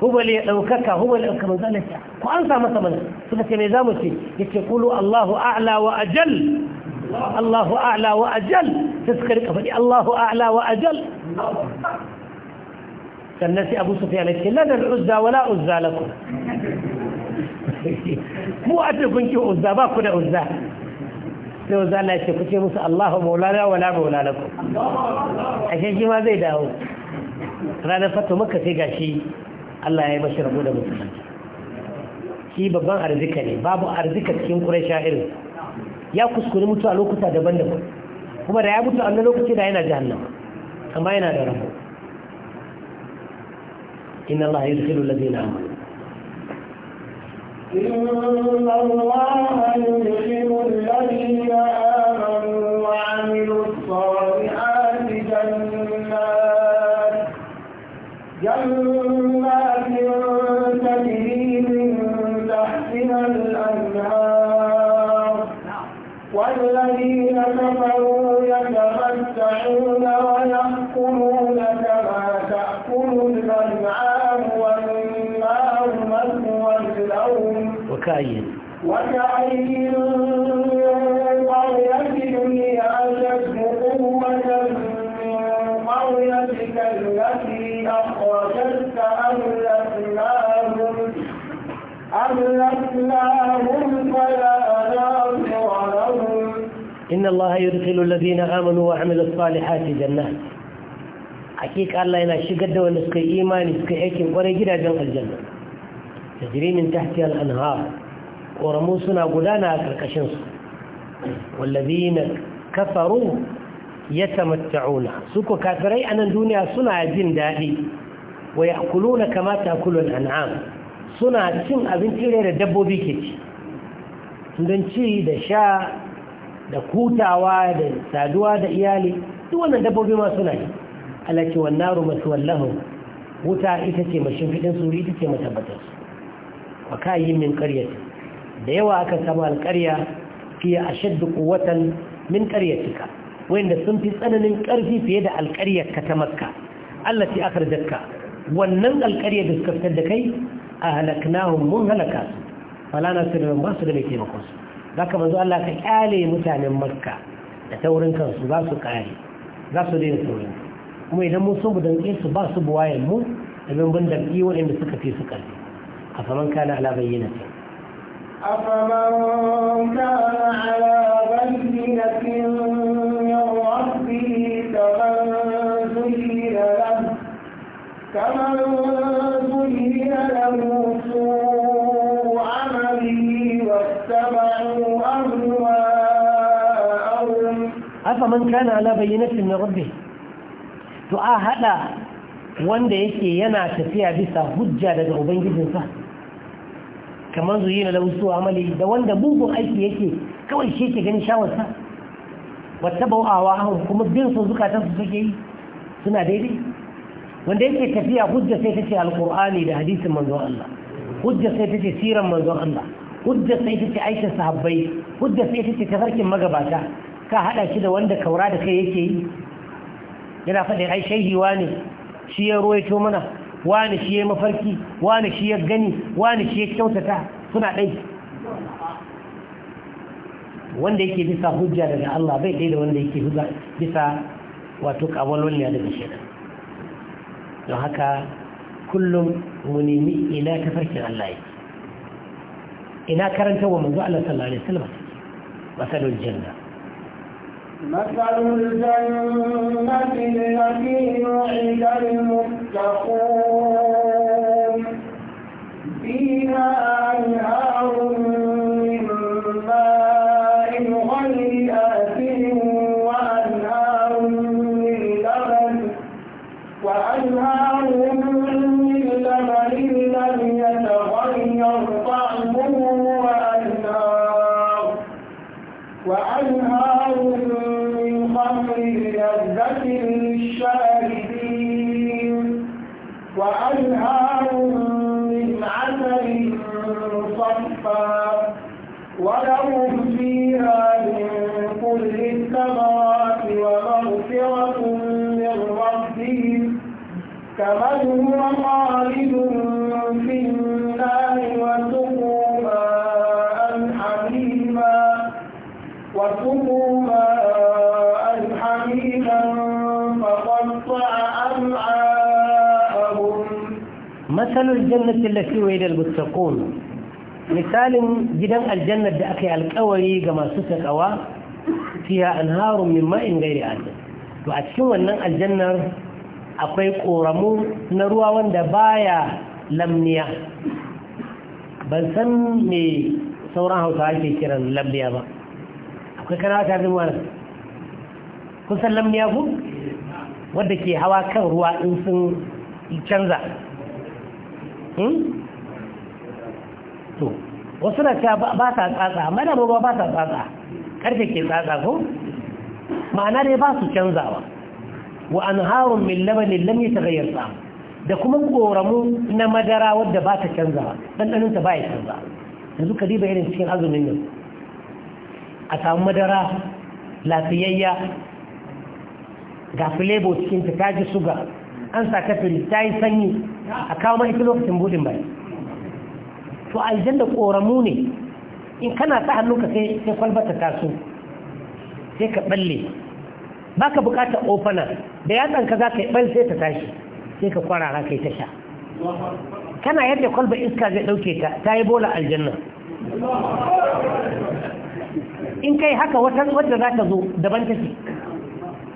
hubal ya ɗaukaka hubal ya ɗaukaka manzana ta ko an sa masa mana suka ce mai zamu ce ya kulu Allahu a'la wa ajal Allahu a'la wa ajal sai rika faɗi Allahu a'la wa sannan sai Abu Sufyan ya ce lana al-uzza wa la mu a kun ki uzza ba ku da uzza sai uzza Allah ku ce musu Allahu maulana wa la maula lakum ashe zai dawo ranar fatu makka sai gashi Allah ya yi mashi rabo musulunci shi babban arzika ne babu arzika cikin ƙurai sha'irin ya kuskure mutu a lokuta daban-daban kuma da ya mutu a lokaci da yana jahannama amma yana da rahu inna Allah ya yudkhilu alladhina
amanu إن
إن الله يدخل الذين آمنوا وعملوا الصالحات جنات حقيقة الله ينا شقد ونسقي إيمان يسقي حكم ورجل جنة الجنة تجري من تحتها الأنهار ƙoramu suna gudana a ƙarƙashinsu wallabi na kafaru ya tamatta'una su ku kafirai a nan duniya suna jin daɗi wa ya kulu na kamata kulun an'am suna cin abinci ne da dabbobi ke ci don ci da sha da kutawa da saduwa da iyali duk wannan dabbobi ma suna yi alaci wannan su wallahu wuta ita ce mashin fiɗin suri ita ce matabbatar wa kayi min ƙaryata da yawa aka samu alƙarya fiye a shaddu ƙuwatan min ƙaryatika wanda sun fi tsananin ƙarfi fiye da ka ta makka Allah ce akar dakka wannan alƙaryar da suka fitar da kai a halaknahun mun halaka su falana su da ba su da mai taimakon su za ka manzo Allah ka ƙyale mutanen makka da taurin kansu za su ƙare za su daina taurin kuma idan mun sun budan su ba su buwayen mu da bin bin da waɗanda suka fi su ƙarfi a faman kana ala bayyana
أفمن كان على بينة من ربه كمن زين له كمن زين له سوء عمله واتبعوا أهواءهم
أفمن كان على بينة من ربه wanda yake yana tafiya bisa hujja daga ubangijinsa kamar zuyi na lausu amali da wanda bugun aiki yake kawai shi ke gani shawarsa wata bau'awa ahun kuma bin su zukatan su suke yi suna daidai wanda yake tafiya hujja sai ta ce alkur'ani da hadisin manzon Allah hujja sai ta ce siran manzon Allah hujja sai ta ce aikin sahabbai hujja sai ta ce tafarkin magabata ka hada shi da wanda kaura da kai yake yi yana faɗin ai shaihiwa ne shi ya ruwaito mana wani shi ya mafarki wani shi ya gani wani shi ya kyautata suna ɗai wanda yake bisa hujja daga Allah bai ɗai da wanda yake bisa wato ƙawalon ya daga shi don haka kullum mu nemi ina tafarkin Allah yake ina karanta wa manzo Allah sallallahu alaihi wasallam masalul janna
مثل الجنة التي وعد المتقون
masalul jannati allati wa'ida al-muttaqun misalin gidan aljannar da aka yi alkawari ga masu takawa fiha anharun min ma'in ghairi asin to a cikin wannan aljannar akwai koramu na ruwa wanda baya lamniya ban san me sauran Hausawa ake kiran lamniya ba akwai kana ta zama wani kusan lamniya ku wadda ke hawa kan ruwa in sun canza Hmm? to wasu na cewa ba ta tsatsa mana ba ba ta tsatsa karfe ke tsatsa ko ma'ana dai ba su canzawa wa an harun min labanin lam yi tagayyar sa da kuma koramu na madara wadda ba ta canzawa ta ba ya canza yanzu ka riba irin cikin azumin nan a samu madara lafiyayya ga filebo cikin ta ji suga an sa kafiri ta yi sanyi a kawo mai lokacin budin bai to aljanna koramu ne in kana sa hannunka sai sai kwalbata taso sai ka balle baka bukatar ofana da yatsan ka zaka yi bal sai ta tashi sai ka kwarara kai ta sha kana yadda kwalba iska zai dauke ta ta yi bola aljanna in kai haka wata wadda za ta zo daban take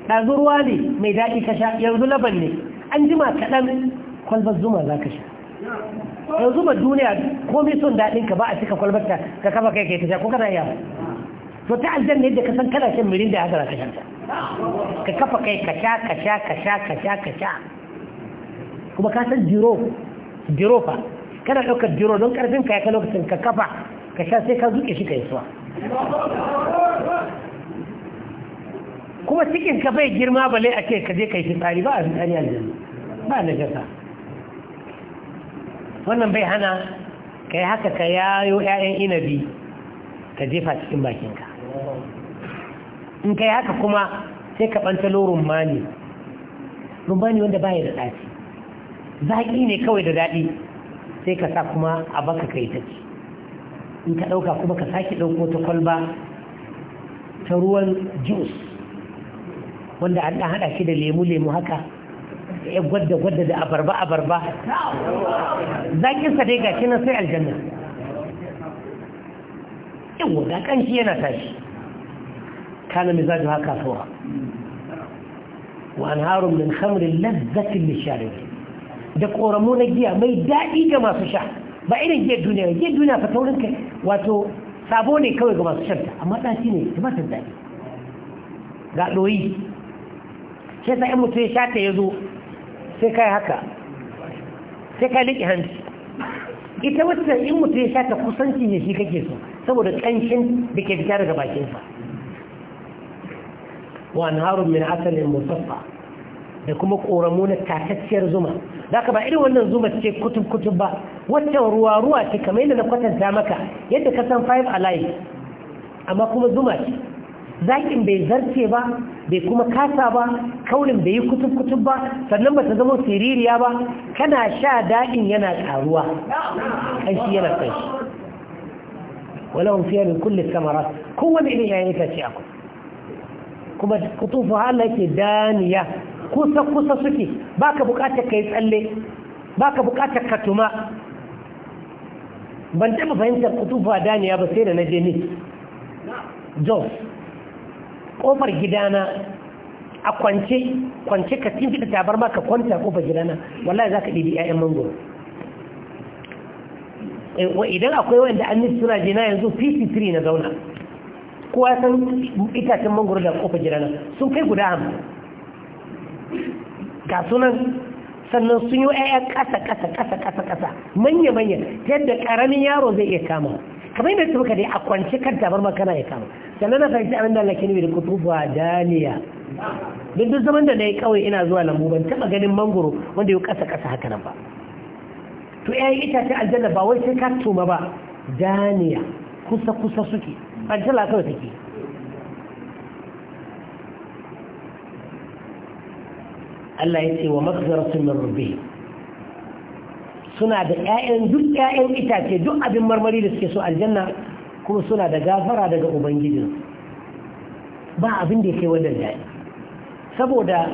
ɗazu ruwa ne mai daɗi ka sha yanzu laban ne an jima kaɗan kwalbar zuma za ka
sha
yanzu zuma duniya komai son daɗinka ba a cika kwalbar ta ka kafa kai kai ta sha ko kana iya to ta aljanna yadda ka san kana shan mirin da haka za ka sha ka kafa kai ka sha ka sha ka sha ka sha ka sha kuma ka san jiro jiro fa kana ɗaukar jiro don ƙarfin ka ya kai lokacin ka kafa ka sha sai ka zuke shi ka yi suwa kuma cikin ka bai girma bale a ce ka je ka yi fitsari ba a fitsari aljanna ba na jasa wannan bai hana ka yi haka ka yayo 'ya'yan inabi ka jefa cikin bakinka in ka yi haka kuma sai ka ɓantalo rumani rumani wanda baya da ɗaci zaƙi ne kawai da daɗi sai ka sa kuma a baka kai ta ci in ka ɗauka kuma ka sake ɗauko ta kwalba ta ruwan jus wanda an ɗan haɗa shi da lemu-lemu haka Eh, gwadda gwadda da abarba abarba zaƙinsa dai gashi na sai aljanna yawa ga ƙanshi yana tashi kana mizaju haka sowa wa an harun min hamrin lazzatin lisharin da ƙoramu na giya mai daɗi ga masu sha ba irin giyar duniya giyar duniya fa taurin kai wato sabo ne kawai ga masu shanta amma ɗaci ne da masu daɗi ga ɗoyi shi sa ‘yan mutum ya sha ta ya zo sai kai haka sai ka liƙe hanci ita wata in mutu ya sha ta kusanci ne shi kake so saboda kanshin da ke fita daga bakinsa wa harun min asalin musaffa da kuma ƙoramu na tatacciyar zuma za ka ba irin wannan zuma ce kutub-kutub ba wancan ruwa-ruwa ce kamar yadda na kwatanta maka yadda ka san five alive amma kuma zuma ce zakin bai zarce ba bai kuma kasa ba kaunin bai yi kutub-kutub ba sannan ba ta zama siririya ba kana sha daɗin yana ƙaruwa ƙanshi yana ƙanshi walawun fiye min kulle samara kowane irin yayin ita ce akwai kuma kutufu Allah yake daniya kusa-kusa suke ba ka buƙatar ka yi tsalle ba ka buƙatar ka tuma ban taɓa fahimtar kutufu a daniya ba sai da na je jos kofar gidana a kwance kwance ka cin fita tabar ma ka kwanta kofar gidana wallahi za ka bi 'ya'yan mangoro eh, idan akwai wanda an nisu suna jina yanzu 53 na zauna kowa san itacen mangoro da kofar gidana sun kai guda hamsin ga sunan sannan sun yi 'ya'ya kasa ƙasa ƙasa ƙasa ƙasa manya manya ta yadda ƙaramin yaro zai iya kama kamar yadda suka dai a kwance kan tabar makana ya kama sannan na fahimci abin da Allah ke nufi da kutubuwa daniya duk duk zaman da na yi kawai ina zuwa lambu ban taɓa ganin mangoro wanda ya kasa kasa haka nan ba to ya yi itace aljanna ba wai sai ka tuma ba daniya kusa kusa suke tala kawai take Allah ya ce wa maghfiratun min rabbihim suna da ƴaƴan duk ƴaƴan itace duk abin marmari da suke so aljanna kuma suna da gafara daga ubangijin ba abin da yake wannan dai saboda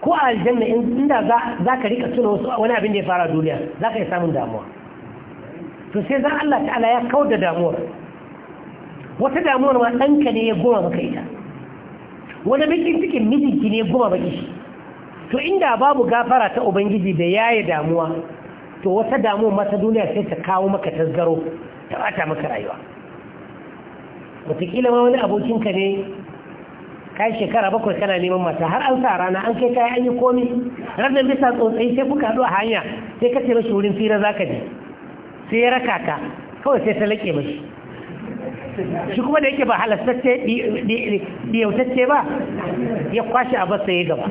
ko aljanna inda za ka rika tuna wasu wani abin da ya fara duniya za ka yi samun damuwa to sai zan Allah ta'ala ya kawo da damuwar wata damuwar ma ɗanka ne ya goma maka ita wani bakin cikin mijinki ne ya goma maka shi to inda babu gafara ta ubangiji da yaye damuwa to wata damu mata duniya sai ta kawo maka tasgaro ta bata maka rayuwa wataƙila ma wani abokinka ne kai shekara bakwai kana neman mata har an sa rana an kai kayan an yi komi ranar bisa tsotsai sai kuka haɗu a hanya sai ka ce mashi wurin fira za ka je sai ya raka ka kawai sai ta laƙe mashi shi kuma da yake ba halastacce ba ya kwashe a basa ya gaba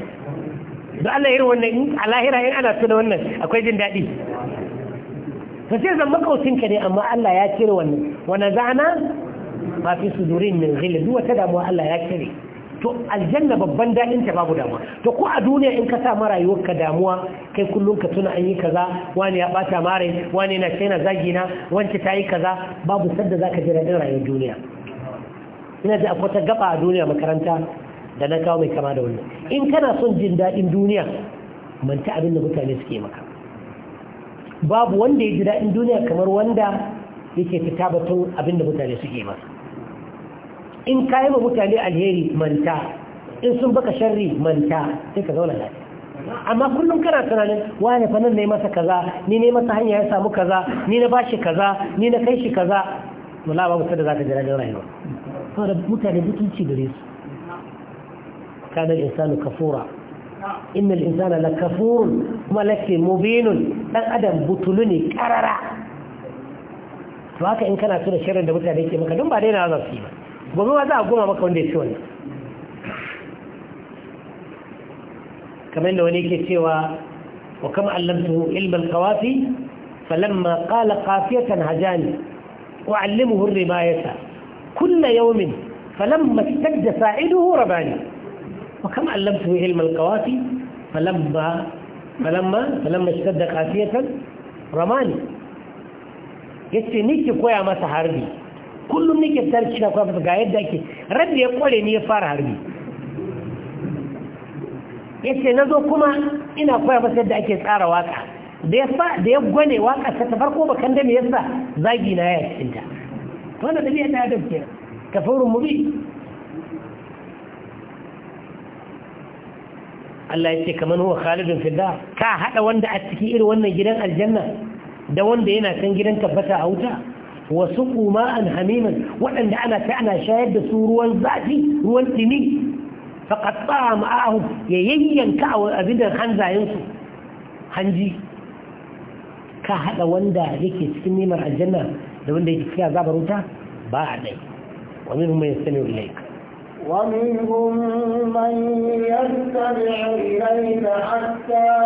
da Allah irin wannan in a lahira in ana tuna wannan akwai jin daɗi Ta sai zan makaucinka ne amma Allah ya cire wannan wani zana ma fi sudurin min zile duk ta damuwa Allah ya cire to aljanna babban daɗin ta babu damuwa to ko a duniya in ka sa ma ka damuwa kai kullum ka tuna an yi kaza wani ya bata mare wani na sai zagina, zagi wance ta yi kaza babu sadda ka ji daɗin rayuwar duniya ina ji akwai ta gaba a duniya makaranta da na kawo mai kama da wannan in kana son jin daɗin duniya manta abin da mutane suke maka babu wanda ya ji daɗin duniya kamar wanda yake fita batun abin da mutane suke masa in ka yi ma mutane alheri manta in sun baka sharri manta sai ka zauna lafiya amma kullum kana tunanin wane fa nan ne masa kaza ni ne masa hanya ya samu kaza ni na bashi kaza ni na kai shi kaza wala ba mutum da ka jira da rayuwa saboda mutane mutunci gare su كان الإنسان كفورا إن الإنسان لكفور ملك مبين أن أدم بطلني كررا فهكا إن كان أتونا شرا دبوتا عليك مكا دم بعدين هذا السيما وهو هذا أقوما مكا وندي سونا كما إنه ونيك سوى وكما علمته علم القوافي فلما قال قافية هجاني وعلمه الرماية كل يوم فلما اشتد ساعده رباني وكم علمته علم القوافي فلما فلما فلما اشتد قاسية رماني yace nike koya masa harbi kullum nike fitar kina koya masa ga yadda ake rabbi ya kware ni ya fara harbi yace nazo kuma ina koya masa yadda ake tsara waka da ya fa da ya gwane waka ta ta farko bakan da me yasa zagi na ya cinta wannan dabi'a ta adam ke kafurun mubi Allah ya ce kamar huwa khalidun fidda ka hada wanda a ciki irin wannan gidan aljanna da wanda yana kan gidan tabbata a wuta wa suqu ma'an hamiman wadanda ana ta ana shayar da su ruwan zafi ruwan dimi faqatta ma'ahum ya yayyanka abidan hanzayen su hanji ka hada wanda yake cikin nimar aljanna da wanda yake cikin azabar wuta ba a dai wa minhum yastami'u ilayka
ومنهم من يستمع حتى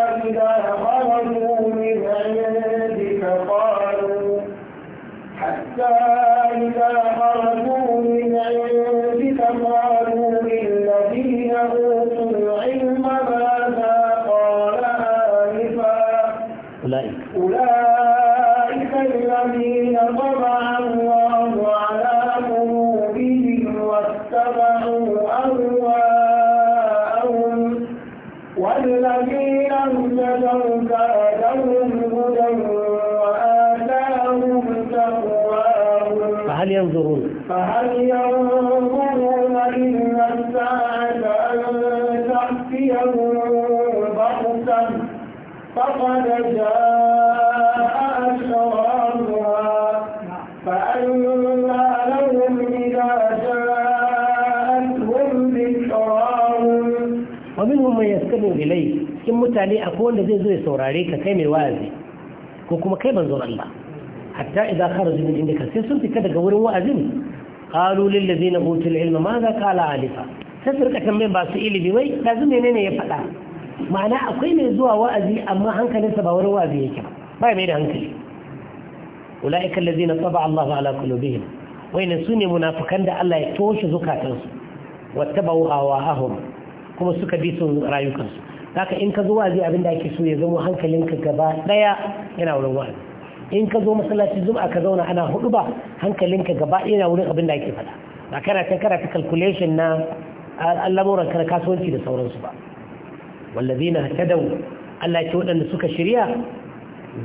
mutane akwai wanda zai zo ya saurare ka kai mai wa'azi ko kuma kai manzon Allah hatta idan kharaju inda ka sai sun fita daga wurin wa'azin qalu lil ladina utul ilma madha qala alifa sai su rika tambayin ba su ilimi wai dazu menene ya faɗa ma'ana akwai mai zuwa wa'azi amma hankalinsa ba wurin wa'azi yake ba mai da hankali ulaika alladhina taba Allahu ala qulubihim wayannan sune munafikan da Allah ya toshe zukatansu wattabau hawahum kuma suka bi sun rayukansu haka in ka zo wazi abin da ake so ya zama hankalinka gaba daya yana wurin wazi in ka zo masallaci a ka zauna ana hudu ba hankalinka gaba yana wurin abin da ake faɗa ba kana ta kana ta calculation na al'amuran kana kasuwanci da sauransu ba wallazina tadaw Allah ya ce waɗanda suka shirya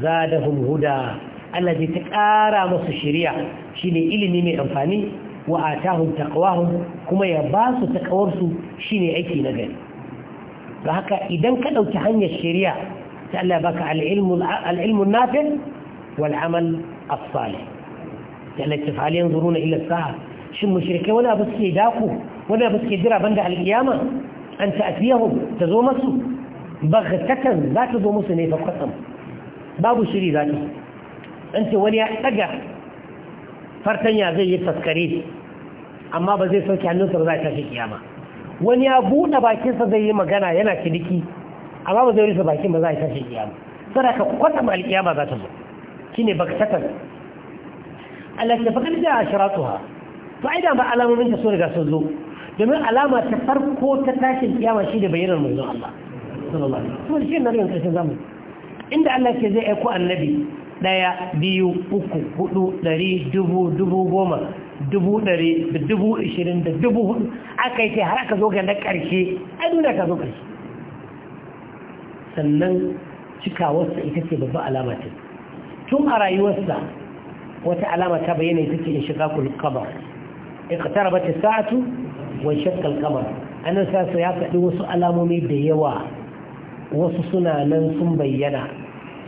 zadahum huda Allah zai ta ƙara musu shirya shine ilimi mai amfani wa atahum taqwahum kuma ya ba su taqawarsu shine aiki na gari فهكا إذن كدو تحني الشريعة تألا بك العلم, العلم النافع والعمل الصالح يعني التفعال ينظرون إلى الساعة شو مشركة ولا بس يداكو ولا بس يدرى بندع القيامة أن تأتيهم تزومسوا بغتة لا تزومسوا نيفا قسم باب الشري ذاتي أنت ولي أقع فرتني هذا يتذكريه أما بزي سوكي أنه ترضى في القيامة wani ya buɗe bakinsa zai yi magana yana ciniki amma ba zai rufe bakin ba za a tashi kiyama sadaka kwata ma alkiyama za ta zo ne baktatan Allah ya faɗi da ba to yi da ba alamomin ta so riga sun zo domin alama ta farko ta tashin kiyama shi da bayyanar manzon Allah sallallahu alaihi wasallam shi ne karshen zamani inda Allah ke zai aiko annabi ɗaya, biyu uku hudu ɗari, dubu dubu goma dubu ɗari da dubu ishirin da dubu hudu aka yi ce har aka zo ga na ƙarshe a duniya ka zo ƙarshe sannan cikawarsa ita ce babba alama tun a rayuwarsa wata alama ta bayyana ita ce in shiga kulkaba iqtara bata sa'atu wa shakka al-qamar annan sasa ya faɗi wasu alamomi da yawa wasu suna nan sun bayyana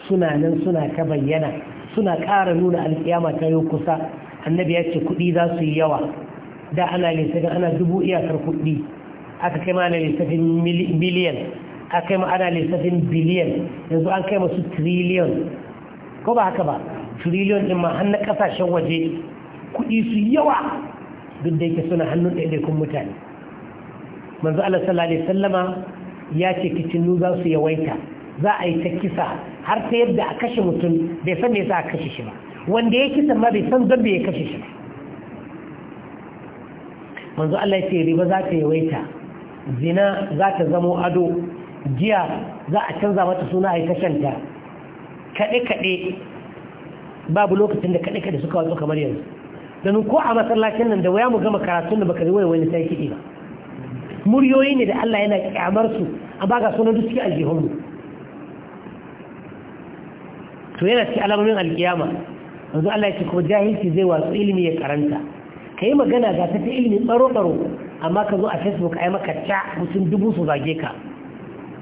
suna nan suna ta bayyana suna ƙara nuna alƙiyama ta yi kusa annabi ya ce kuɗi za su yi yawa da ana lissafin ana dubu iyakar kuɗi aka kai ma ana lissafin miliyan aka kai ma ana lissafin biliyan yanzu an kai masu triliyon ko ba haka ba triliyon ɗin ma hannun ƙasashen waje kuɗi su yawa duk da yake suna hannun ɗaiɗaikun mutane manzo Allah sallallahu alaihi wasallama ya ce kitinu za su yawaita za a yi ta kisa har ta yadda a kashe mutum bai san me yasa a kashe shi ba wanda ya kisan ma bai san zambe ya kashe shi manzo Allah ya ce riba za ta yawaita zina za ta zamo ado jiya za a canza mata suna a yi kashanta kaɗe-kaɗe babu lokacin da kaɗe-kaɗe suka watsu kamar yanzu don ko a masallacin nan da waya mu gama karatun da baka riwaya wani sai kiɗi ba muryoyi ne da Allah yana kyamar su amma ga sunan duk cikin aljihunmu to yana ce alamomin alƙiyama. yanzu Allah ya ce kuma jahilci zai wasu ilimi ya karanta ka yi magana ga ta ilimi tsaro-tsaro amma ka zo a facebook a yi maka ca mutum dubu su zage ka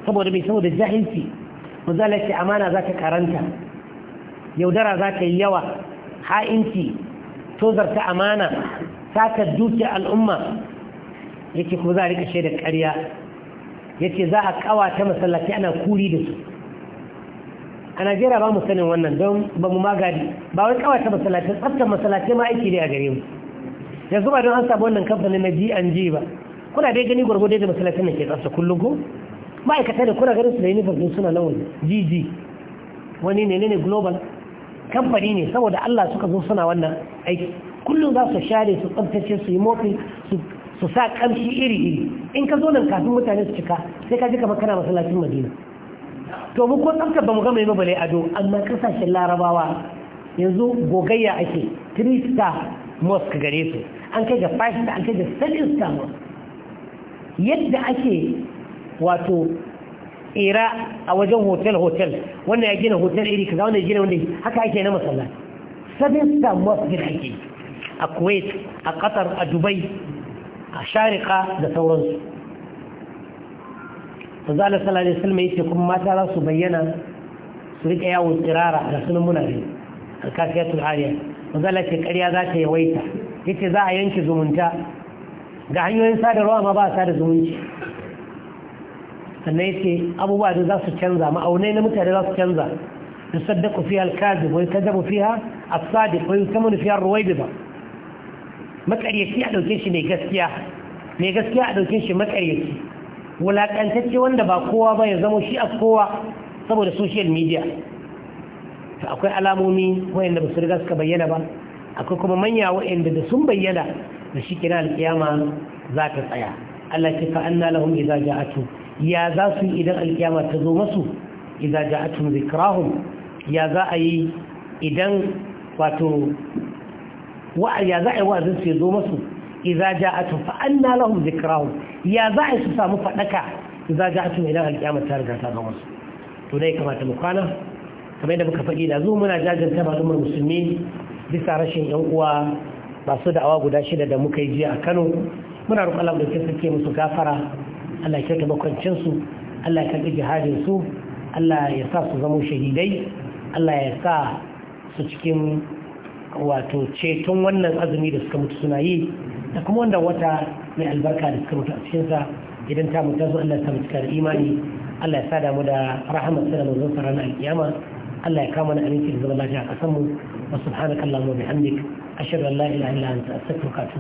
saboda mai saboda jahilci yanzu Allah ya ce amana za ta karanta yaudara za ta yi yawa ha'inci tozarta amana satar dukiya al'umma yake kuma za a rika shaidar ƙarya yake za a kawata masallaci ana kuri da su a najeriya ba mu sanin wannan don ba mu magadi ba wai ta masalacin tsaftar masalacin ma aiki ne a gare mu yanzu ba don an samu wannan kamfanin na g&g ba kuna dai gani gwargwado da masalacin da ke tsafta kullum ko ma'aikata da kuna ganin su da uniform din suna nan wani gg wani ne ne global kamfani ne saboda allah suka zo suna wannan aiki kullum za su share su tsaftace su yi motsi su sa kamshi iri iri in ka zo nan kafin mutane su cika sai ka ji kamar kana masallacin madina to mu ko tsamka ba mu gama yi mabale ado amma kasashen larabawa yanzu gogayya ake 3 star mosque gare su an kai ga 5 star an kai ga 7 star mosque yadda ake wato ira a wajen hotel-hotel wannan ya gina hotel iri kaza wannan ya gina wanda haka ake na matsala seven star mosque ake a kuwait a qatar a dubai a sharika da sauransu manzo Allah sallallahu alaihi wasallam yake kuma mata za su bayyana su rika yawo tsirara da sunan munafi alkafiyatul ariya manzo Allah ce ƙarya za ta yawaita yace za a yanke zumunta ga hanyoyin sadarwa ma ba sada zumunci sannan yake abubuwa da za su canza ma'aunai na mutane za su canza يصدق فيها الكاذب ويكذب a dauke shi فيها gaskiya مكاريكي gaskiya a dauke shi مكاريكي wulaƙantacce wanda ba kowa ba ya zama shi a kowa saboda social media ta akwai alamomi wayanda ba su riga suka bayyana ba akwai kuma manya wayanda da sun bayyana da shi kina alƙiyama za ta tsaya Allah ce fa anna lahum idza ja'atu ya za su idan alƙiyama ta zo masu idza ja'atum zikrahum ya za a yi idan wato wa ya za a yi wa'azin su ya zo masu idza ja'atu fa anna lahum dhikrahum ya za a su samu fadaka idza ja'atu ila al-qiyamah ta riga ta ga musu to dai kamata mu kwana kamar yadda muka faɗi da muna jajanta ba umar musulmi bisa rashin yan uwa masu da'awa guda shida da muka yi jiya a Kano muna roƙon Allah da suke musu gafara Allah ya kyauta bakwancin su Allah ya karɓi jihadin su Allah ya sa su zama shahidai Allah ya sa su cikin wato ceton wannan azumi da suka mutu suna yi da kuma wanda wata mai albarka da suka mutu a cikinsa idan ta mutu zo Allah ta mutu da imani Allah ya sa damu da rahamar sa da manzon sa ranar alkiyama Allah ya kama na aminci da zama lafiya a kasanmu wa subhanakallahumma bihamdik ashhadu an la ilaha illa
anta astaghfiruka